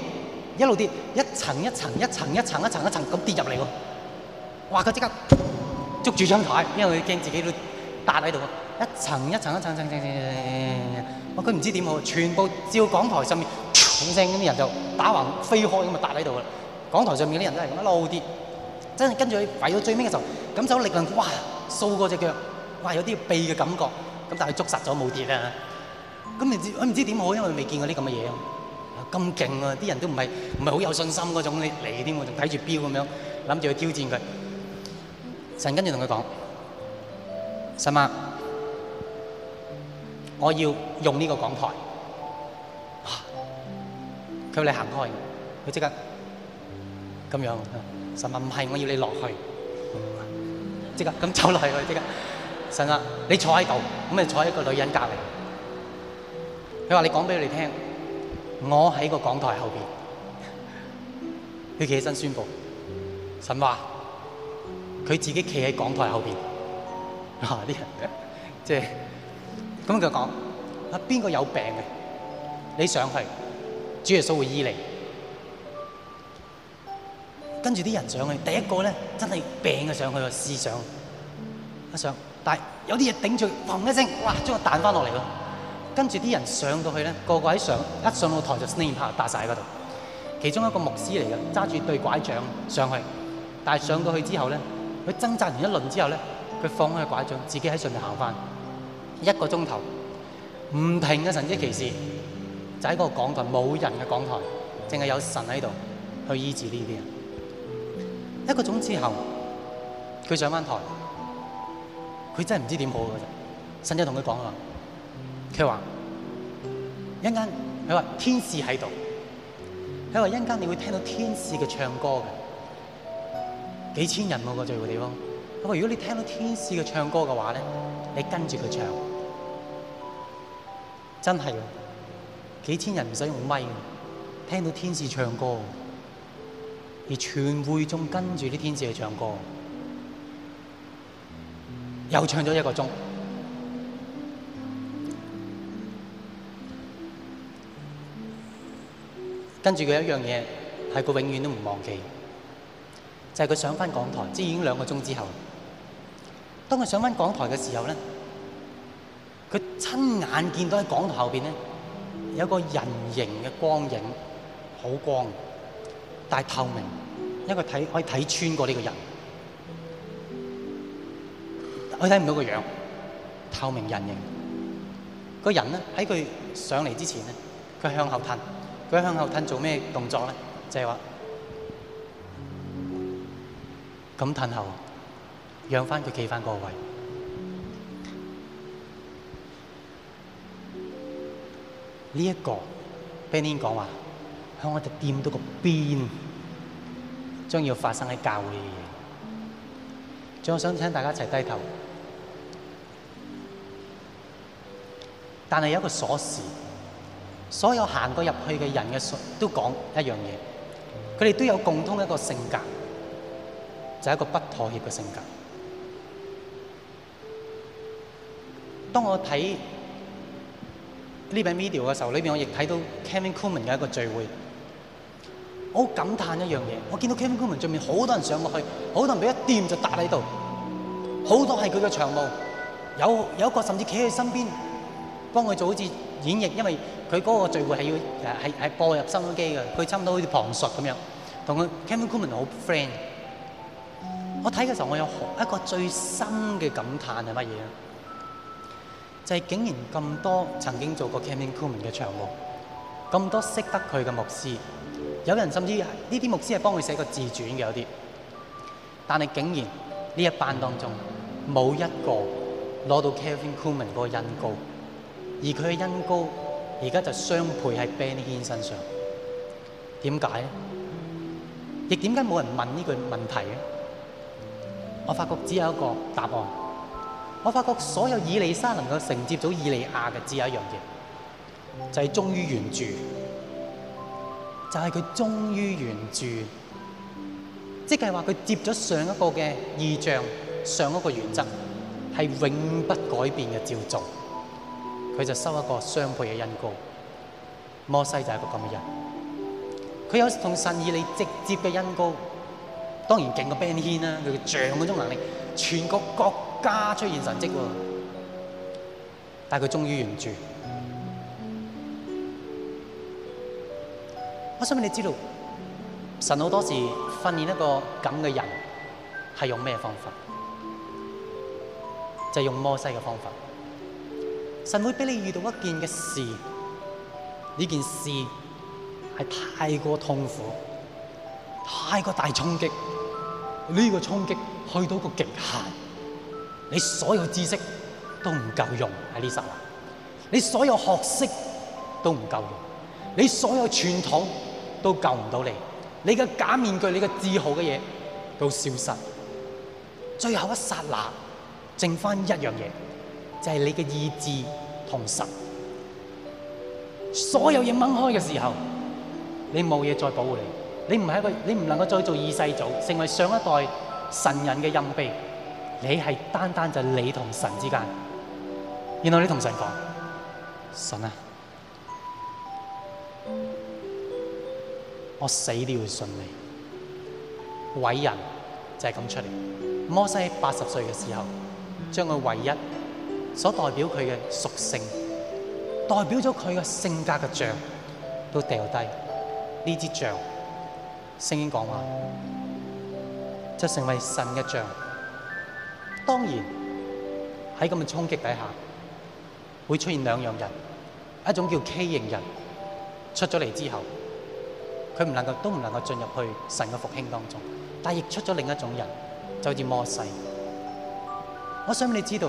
一路跌，一層一層一層一層一層一層咁跌入嚟喎。哇！佢即刻捉住張枱，因為佢驚自己都笪喺度啊！一層一層一層一層一層一層，哇！佢唔知點好，全部照講台上面一聲咁啲人就打橫飛開咁啊笪喺度啦！講台上面啲人都係咁啊，漏跌！真係跟住佢維到最尾嘅時候，咁就力量哇掃過隻腳，哇有啲要避嘅感覺，咁但係佢捉實咗冇跌啊！咁唔知我唔知點好，因為未見過呢咁嘅嘢啊！咁勁啊！啲人都唔係唔係好有信心嗰種你嚟添，我仲睇住表咁樣諗住去挑戰佢。神跟住同佢講：神啊，我要用呢個講台，佢話你行開，佢即刻咁樣。神啊，唔係我要你落去，即刻咁走落去，即刻。神啊，你坐喺度，咁啊坐喺一個女人隔籬。佢話你講俾佢哋聽，我喺個講台後面。佢企起身宣布：神話。佢自己企喺講台後邊，啊啲人咧，即係咁佢講：啊邊個有病嘅？你上去，主耶穌會醫你。跟住啲人上去，第一個咧真係病嘅上去喎，思想，一上，但係有啲嘢頂住，砰一聲，哇將個彈翻落嚟咯。跟住啲人上到去咧，個個喺上，一上到台就 snip 啊，搭曬喺嗰度。其中一個牧師嚟嘅，揸住對拐杖上去，但係上到去之後咧。佢掙扎完一輪之後咧，佢放開個枴杖，自己喺上面行翻一個鐘頭，唔停嘅神蹟奇事，就喺個講台，冇人嘅講台，淨係有神喺度去醫治呢啲人。一個鐘之後，佢上翻台，佢真係唔知點好嘅啫。神就同佢講啊，佢話：一陣間，佢話天使喺度，佢話一陣間，你會聽到天使嘅唱歌嘅，幾千人嘅聚會地方。如果你聽到天使嘅唱歌嘅話，你跟住佢唱真的，真係幾千人唔使用咪，聽到天使唱歌，而全會眾跟住啲天使去唱歌，又唱咗一個鐘。跟住佢有一樣嘢，係佢永遠都唔忘記。就係佢上翻講台，即已經兩個鐘之後。當佢上翻講台嘅時候咧，佢親眼見到喺講台後邊咧，有個人形嘅光影，好光，但係透明，因為佢睇可以睇穿過呢個人，佢睇唔到個樣，透明人形。個人咧喺佢上嚟之前咧，佢向後褪，佢向後褪做咩動作咧？就係話。咁褪後，讓返佢企返個位。呢、這、一個，Benin 講話，向我哋掂到個邊，將要發生喺教會嘅嘢。仲有想請大家一齊低頭。但係有一個鎖匙，所有行過入去嘅人嘅都講一樣嘢，佢哋都有共通一個性格。就係、是、一個不妥協嘅性格。當我睇呢份 video 嘅時候，裏面我亦睇到 Kevin Kuhlman 嘅一個聚會。我好感嘆一樣嘢，我見到 Kevin Kuhlman 對面好多人上落去，好多人俾一掂就打喺度，好多係佢嘅長毛。有有一個甚至企喺身邊幫佢做好似演繹，因為佢嗰個聚會係要係係播入收音機嘅，佢差唔多好似旁述咁樣，同佢 Kevin Kuhlman 好 friend。我睇嘅時候，我有一個最深嘅感嘆係乜嘢？就係、是、竟然咁多曾經做過 Kevin Kuhlman 嘅長老，咁多識得佢嘅牧師，有人甚至呢啲牧師係幫佢寫過自傳嘅有啲。但係竟然呢一班當中冇一個攞到 Kevin Kuhlman 嗰個恩膏，而佢嘅恩膏而家就雙倍喺 Benny Hinn 身上。點解？亦點解冇人問呢句問題嘅？我發覺只有一個答案。我發覺所有以利沙能夠承接到以利亞嘅，只有一樣嘢，就係忠於原著，就係佢忠於原著，即係話佢接咗上一個嘅異象，上一個原則係永不改變嘅照做。佢就收一個雙倍嘅恩膏。摩西就係一個咁嘅人，佢有同神以理直接嘅恩膏。當然勁過 Ben 軒啦，佢嘅像嗰種能力，全國國家出現神蹟，但他佢終於完住。我想畀你知道神好多時訓練一個咁嘅人係用咩方法？就係用摩西嘅方法。神會畀你遇到一件嘅事，呢件事係太過痛苦。太過大衝擊，呢個衝擊去到個極限，你所有知識都唔夠用。喺呢剎那，你所有學識都唔夠用，你所有傳統都救唔到你，你嘅假面具、你嘅自豪嘅嘢都消失，最後一剎那剩翻一樣嘢，就係你嘅意志同神。所有嘢掹開嘅時候，你冇嘢再保護你。你唔係一個，你唔能夠再做二世祖，成為上一代神人嘅印碑。你係單單就是你同神之間。然後你同神講，神啊，我死了會信你。偉人就係咁出嚟。摩西八十歲嘅時候，將佢唯一所代表佢嘅屬性，代表咗佢嘅性格嘅像，都掉低呢支像。聖經講話，就成為神嘅像。當然喺咁嘅衝擊底下，會出現兩樣人，一種叫 K 型人出咗嚟之後，佢唔能夠都唔能夠進入去神嘅復興當中，但亦出咗另一種人，就好似摩西。我想俾你知道，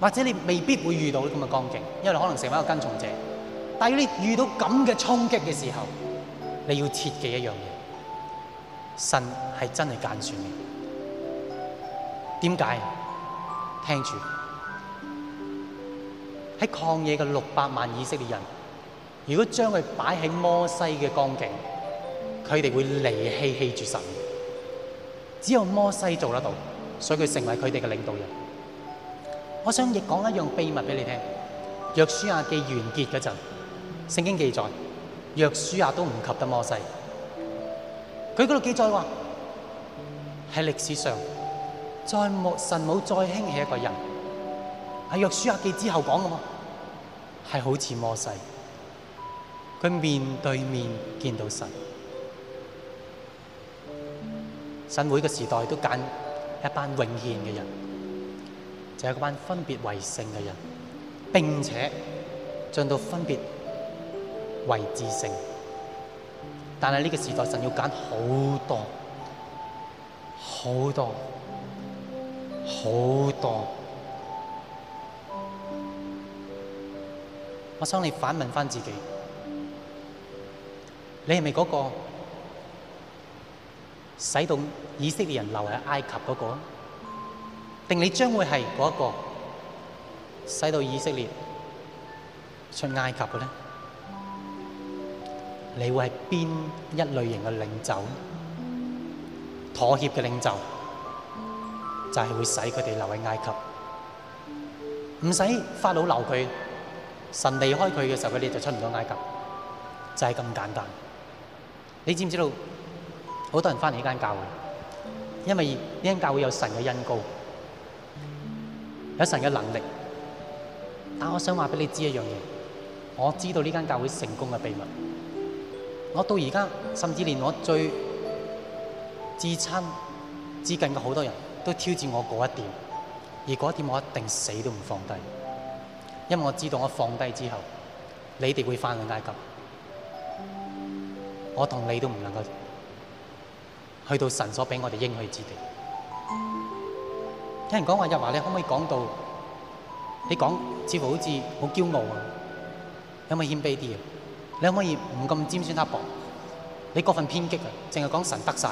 或者你未必會遇到呢咁嘅光景，因為你可能成為一個跟從者，但係你遇到咁嘅衝擊嘅時候。你要切記一樣嘢，神係真係揀選嘅。點解？聽住喺曠野嘅六百萬以色列人，如果將佢擺喺摩西嘅光景，佢哋會離棄棄住神。只有摩西做得到，所以佢成為佢哋嘅領導人。我想亦講一樣秘密俾你聽。約書亞記完結嗰陣，聖經記載。約書亞都唔及得摩西。佢嗰度記載話：喺歷史上，再冇神冇再興起一個人，喺約書亞記之後講嘅嘛，係好似摩西。佢面對面見到神。神會嘅時代都揀一班永遠嘅人，就係嗰班分別為聖嘅人，並且進到分別。為至性，但係呢個時代，神要揀好多、好多、好多。我想你反問翻自己，你係咪嗰個使到以色列人留喺埃及嗰個？定你將會係嗰個使到以色列出埃及嘅咧？你會係邊一類型嘅領袖？妥協嘅領袖就係會使佢哋留喺埃及，唔使法老留佢，神離開佢嘅時候，佢哋就出唔到埃及，就係咁簡單。你知唔知道？好多人翻嚟呢間教會，因為呢間教會有神嘅恩膏，有神嘅能力。但我想話俾你知一樣嘢，我知道呢間教會成功嘅秘密。我到而家，甚至連我最至親至近嘅好多人都挑戰我嗰一點，而嗰一點我一定死都唔放低，因為我知道我放低之後，你哋會返去埃及，我同你都唔能夠去到神所俾我哋應許之地。聽人講話，日華，你可唔可以講到？你講似乎好似好驕傲啊，可唔可以謙卑啲啊？你可唔可以唔咁尖酸刻薄？你過份偏激啊，淨係講神得晒。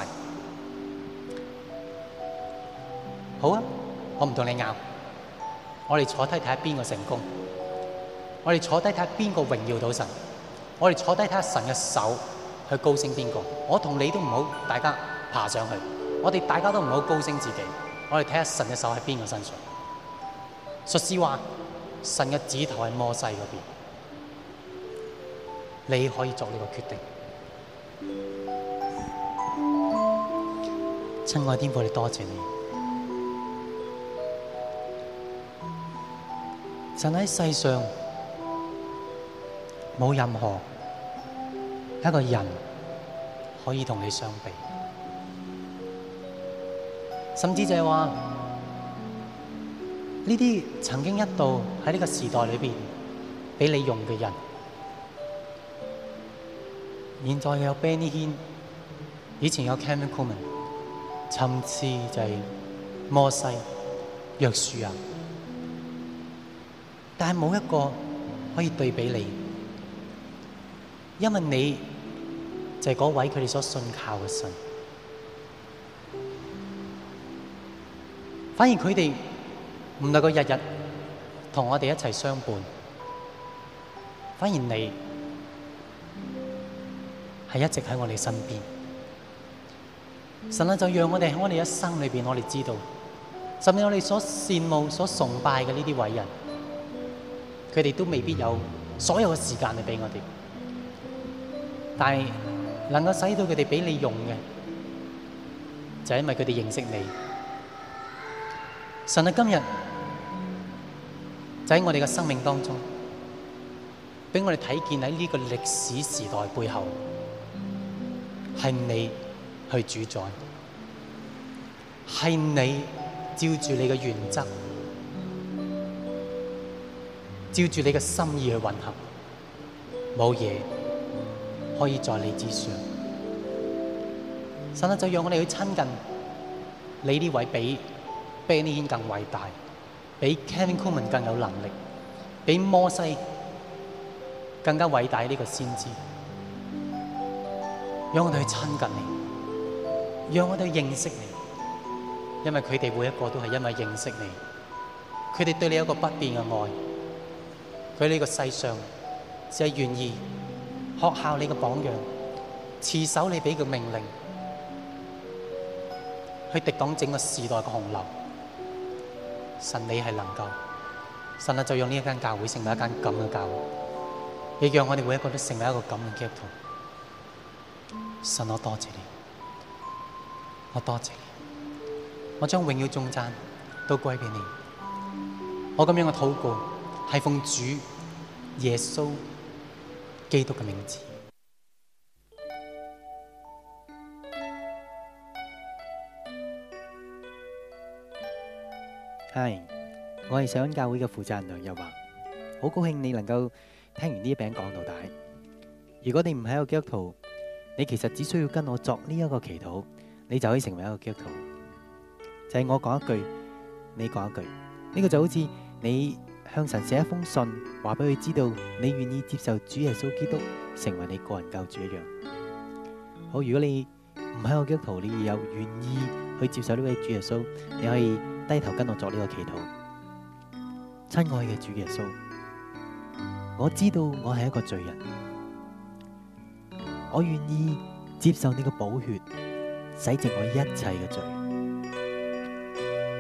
好啊，我唔同你拗。我哋坐低睇下邊個成功。我哋坐低睇下邊個榮耀到神。我哋坐低睇下看看神嘅手去高升邊個。我同你都唔好，大家爬上去。我哋大家都唔好高升自己。我哋睇下神嘅手喺邊個身上。術士話：神嘅指頭喺摩西嗰邊。你可以作呢個決定。親愛天父，我哋多謝你，神喺，世上冇任何一個人可以同你相比，甚至就係話呢啲曾經一度喺呢個時代裏面俾你用嘅人。現在有 Benny Hinn，以前有 Cameron Coleman 甚至就係摩西、約書亞，但係冇一個可以對比你，因為你就係嗰位佢哋所信靠嘅神，反而佢哋唔能夠日日同我哋一齊相伴，反而你，係一直喺我哋身邊，神啊，就讓我哋喺我哋一生裏邊，我哋知道，甚至我哋所羨慕、所崇拜嘅呢啲偉人，佢哋都未必有所有嘅時間嚟俾我哋，但係能夠使到佢哋俾你用嘅，就係因為佢哋認識你。神啊，今日就喺我哋嘅生命當中，俾我哋睇見喺呢個歷史時代背後。係你去主宰，係你照住你嘅原則，照住你嘅心意去混合，冇嘢可以在你之上。神啊，就讓我哋去親近你呢位比 Benny Hinn 更偉大，比 Kenneth Copeland 更有能力，比摩西更加偉大呢、這個先知。讓我哋去親近你，讓我們去認識你，因為佢哋每一個都是因為認識你，佢哋對你有一個不變的愛。佢這個世上，只是願意學效你的榜樣，持守你俾嘅命令，去抵擋整個時代的洪流。神你是能夠，神就讓呢一間教會成為一間咁的教會，亦讓我哋每一個都成為一個咁嘅基督徒。神，我多謝你，我多謝你，我將榮耀頌讚都歸俾你。我咁樣嘅禱告係奉主耶穌基督嘅名字。係，我係錫安教會嘅負責人梁日華，好高興你能夠聽完呢一餅講到底。如果你唔喺個基督徒。你其實只需要跟我作呢一個祈禱，你就可以成為一個基督徒。就係我講一句，你講一句，呢個就好似你向神寫一封信，話俾佢知道你願意接受主耶穌基督成為你個人救主一樣。好，如果你唔係我的基督徒而又願意去接受呢位主耶穌，你可以低頭跟我作呢個祈禱。親愛嘅主耶穌，我知道我係一個罪人。我願意接受你嘅寶血，洗淨我一切嘅罪。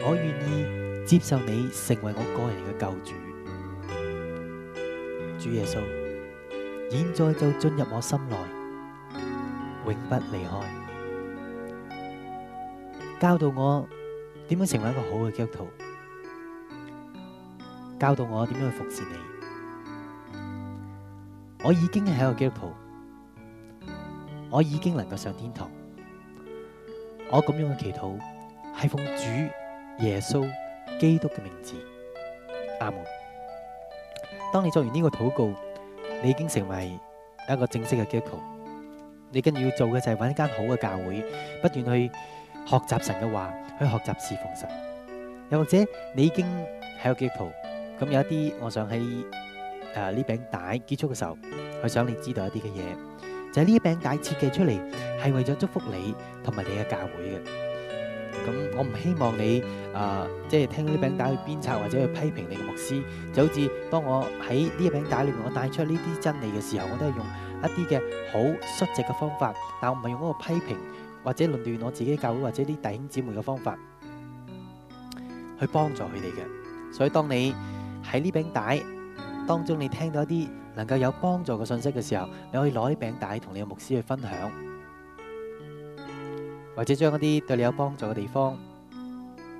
我願意接受你成為我個人嘅救主，主耶穌，現在就進入我心內，永不離開，教導我點樣成為一個好嘅基督徒，教導我點樣去服侍你。我已經係一個基督徒。我已經能夠上天堂。我咁樣嘅祈禱係奉主耶穌基督嘅名字，阿門。當你做完呢個禱告，你已經成為一個正式嘅基督徒。你跟住要做嘅就係揾一間好嘅教會，不斷去學習神嘅話，去學習侍奉神。又或者你已經係個基督徒，咁有一啲，我想喺誒呢餅帶結束嘅時候，去想你知道一啲嘅嘢。就係呢一餅帶設計出嚟，係為咗祝福你同埋你嘅教會嘅。咁我唔希望你啊，即係聽呢餅帶去鞭策或者去批評你嘅牧師。就好似當我喺呢一餅帶裏面，我帶出呢啲真理嘅時候，我都係用一啲嘅好率直嘅方法，但係我唔係用嗰個批評或者論斷我自己教會或者啲弟兄姊妹嘅方法去幫助佢哋嘅。所以當你喺呢餅帶當中，你聽到一啲，能夠有幫助嘅信息嘅時候，你可以攞啲餅帶同你嘅牧師去分享，或者將一啲對你有幫助嘅地方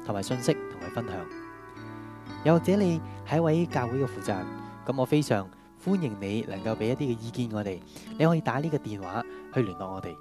同埋信息同佢分享。又或者你係一位教會嘅負責人，咁我非常歡迎你能夠俾一啲嘅意見我哋。你可以打呢個電話去聯絡我哋。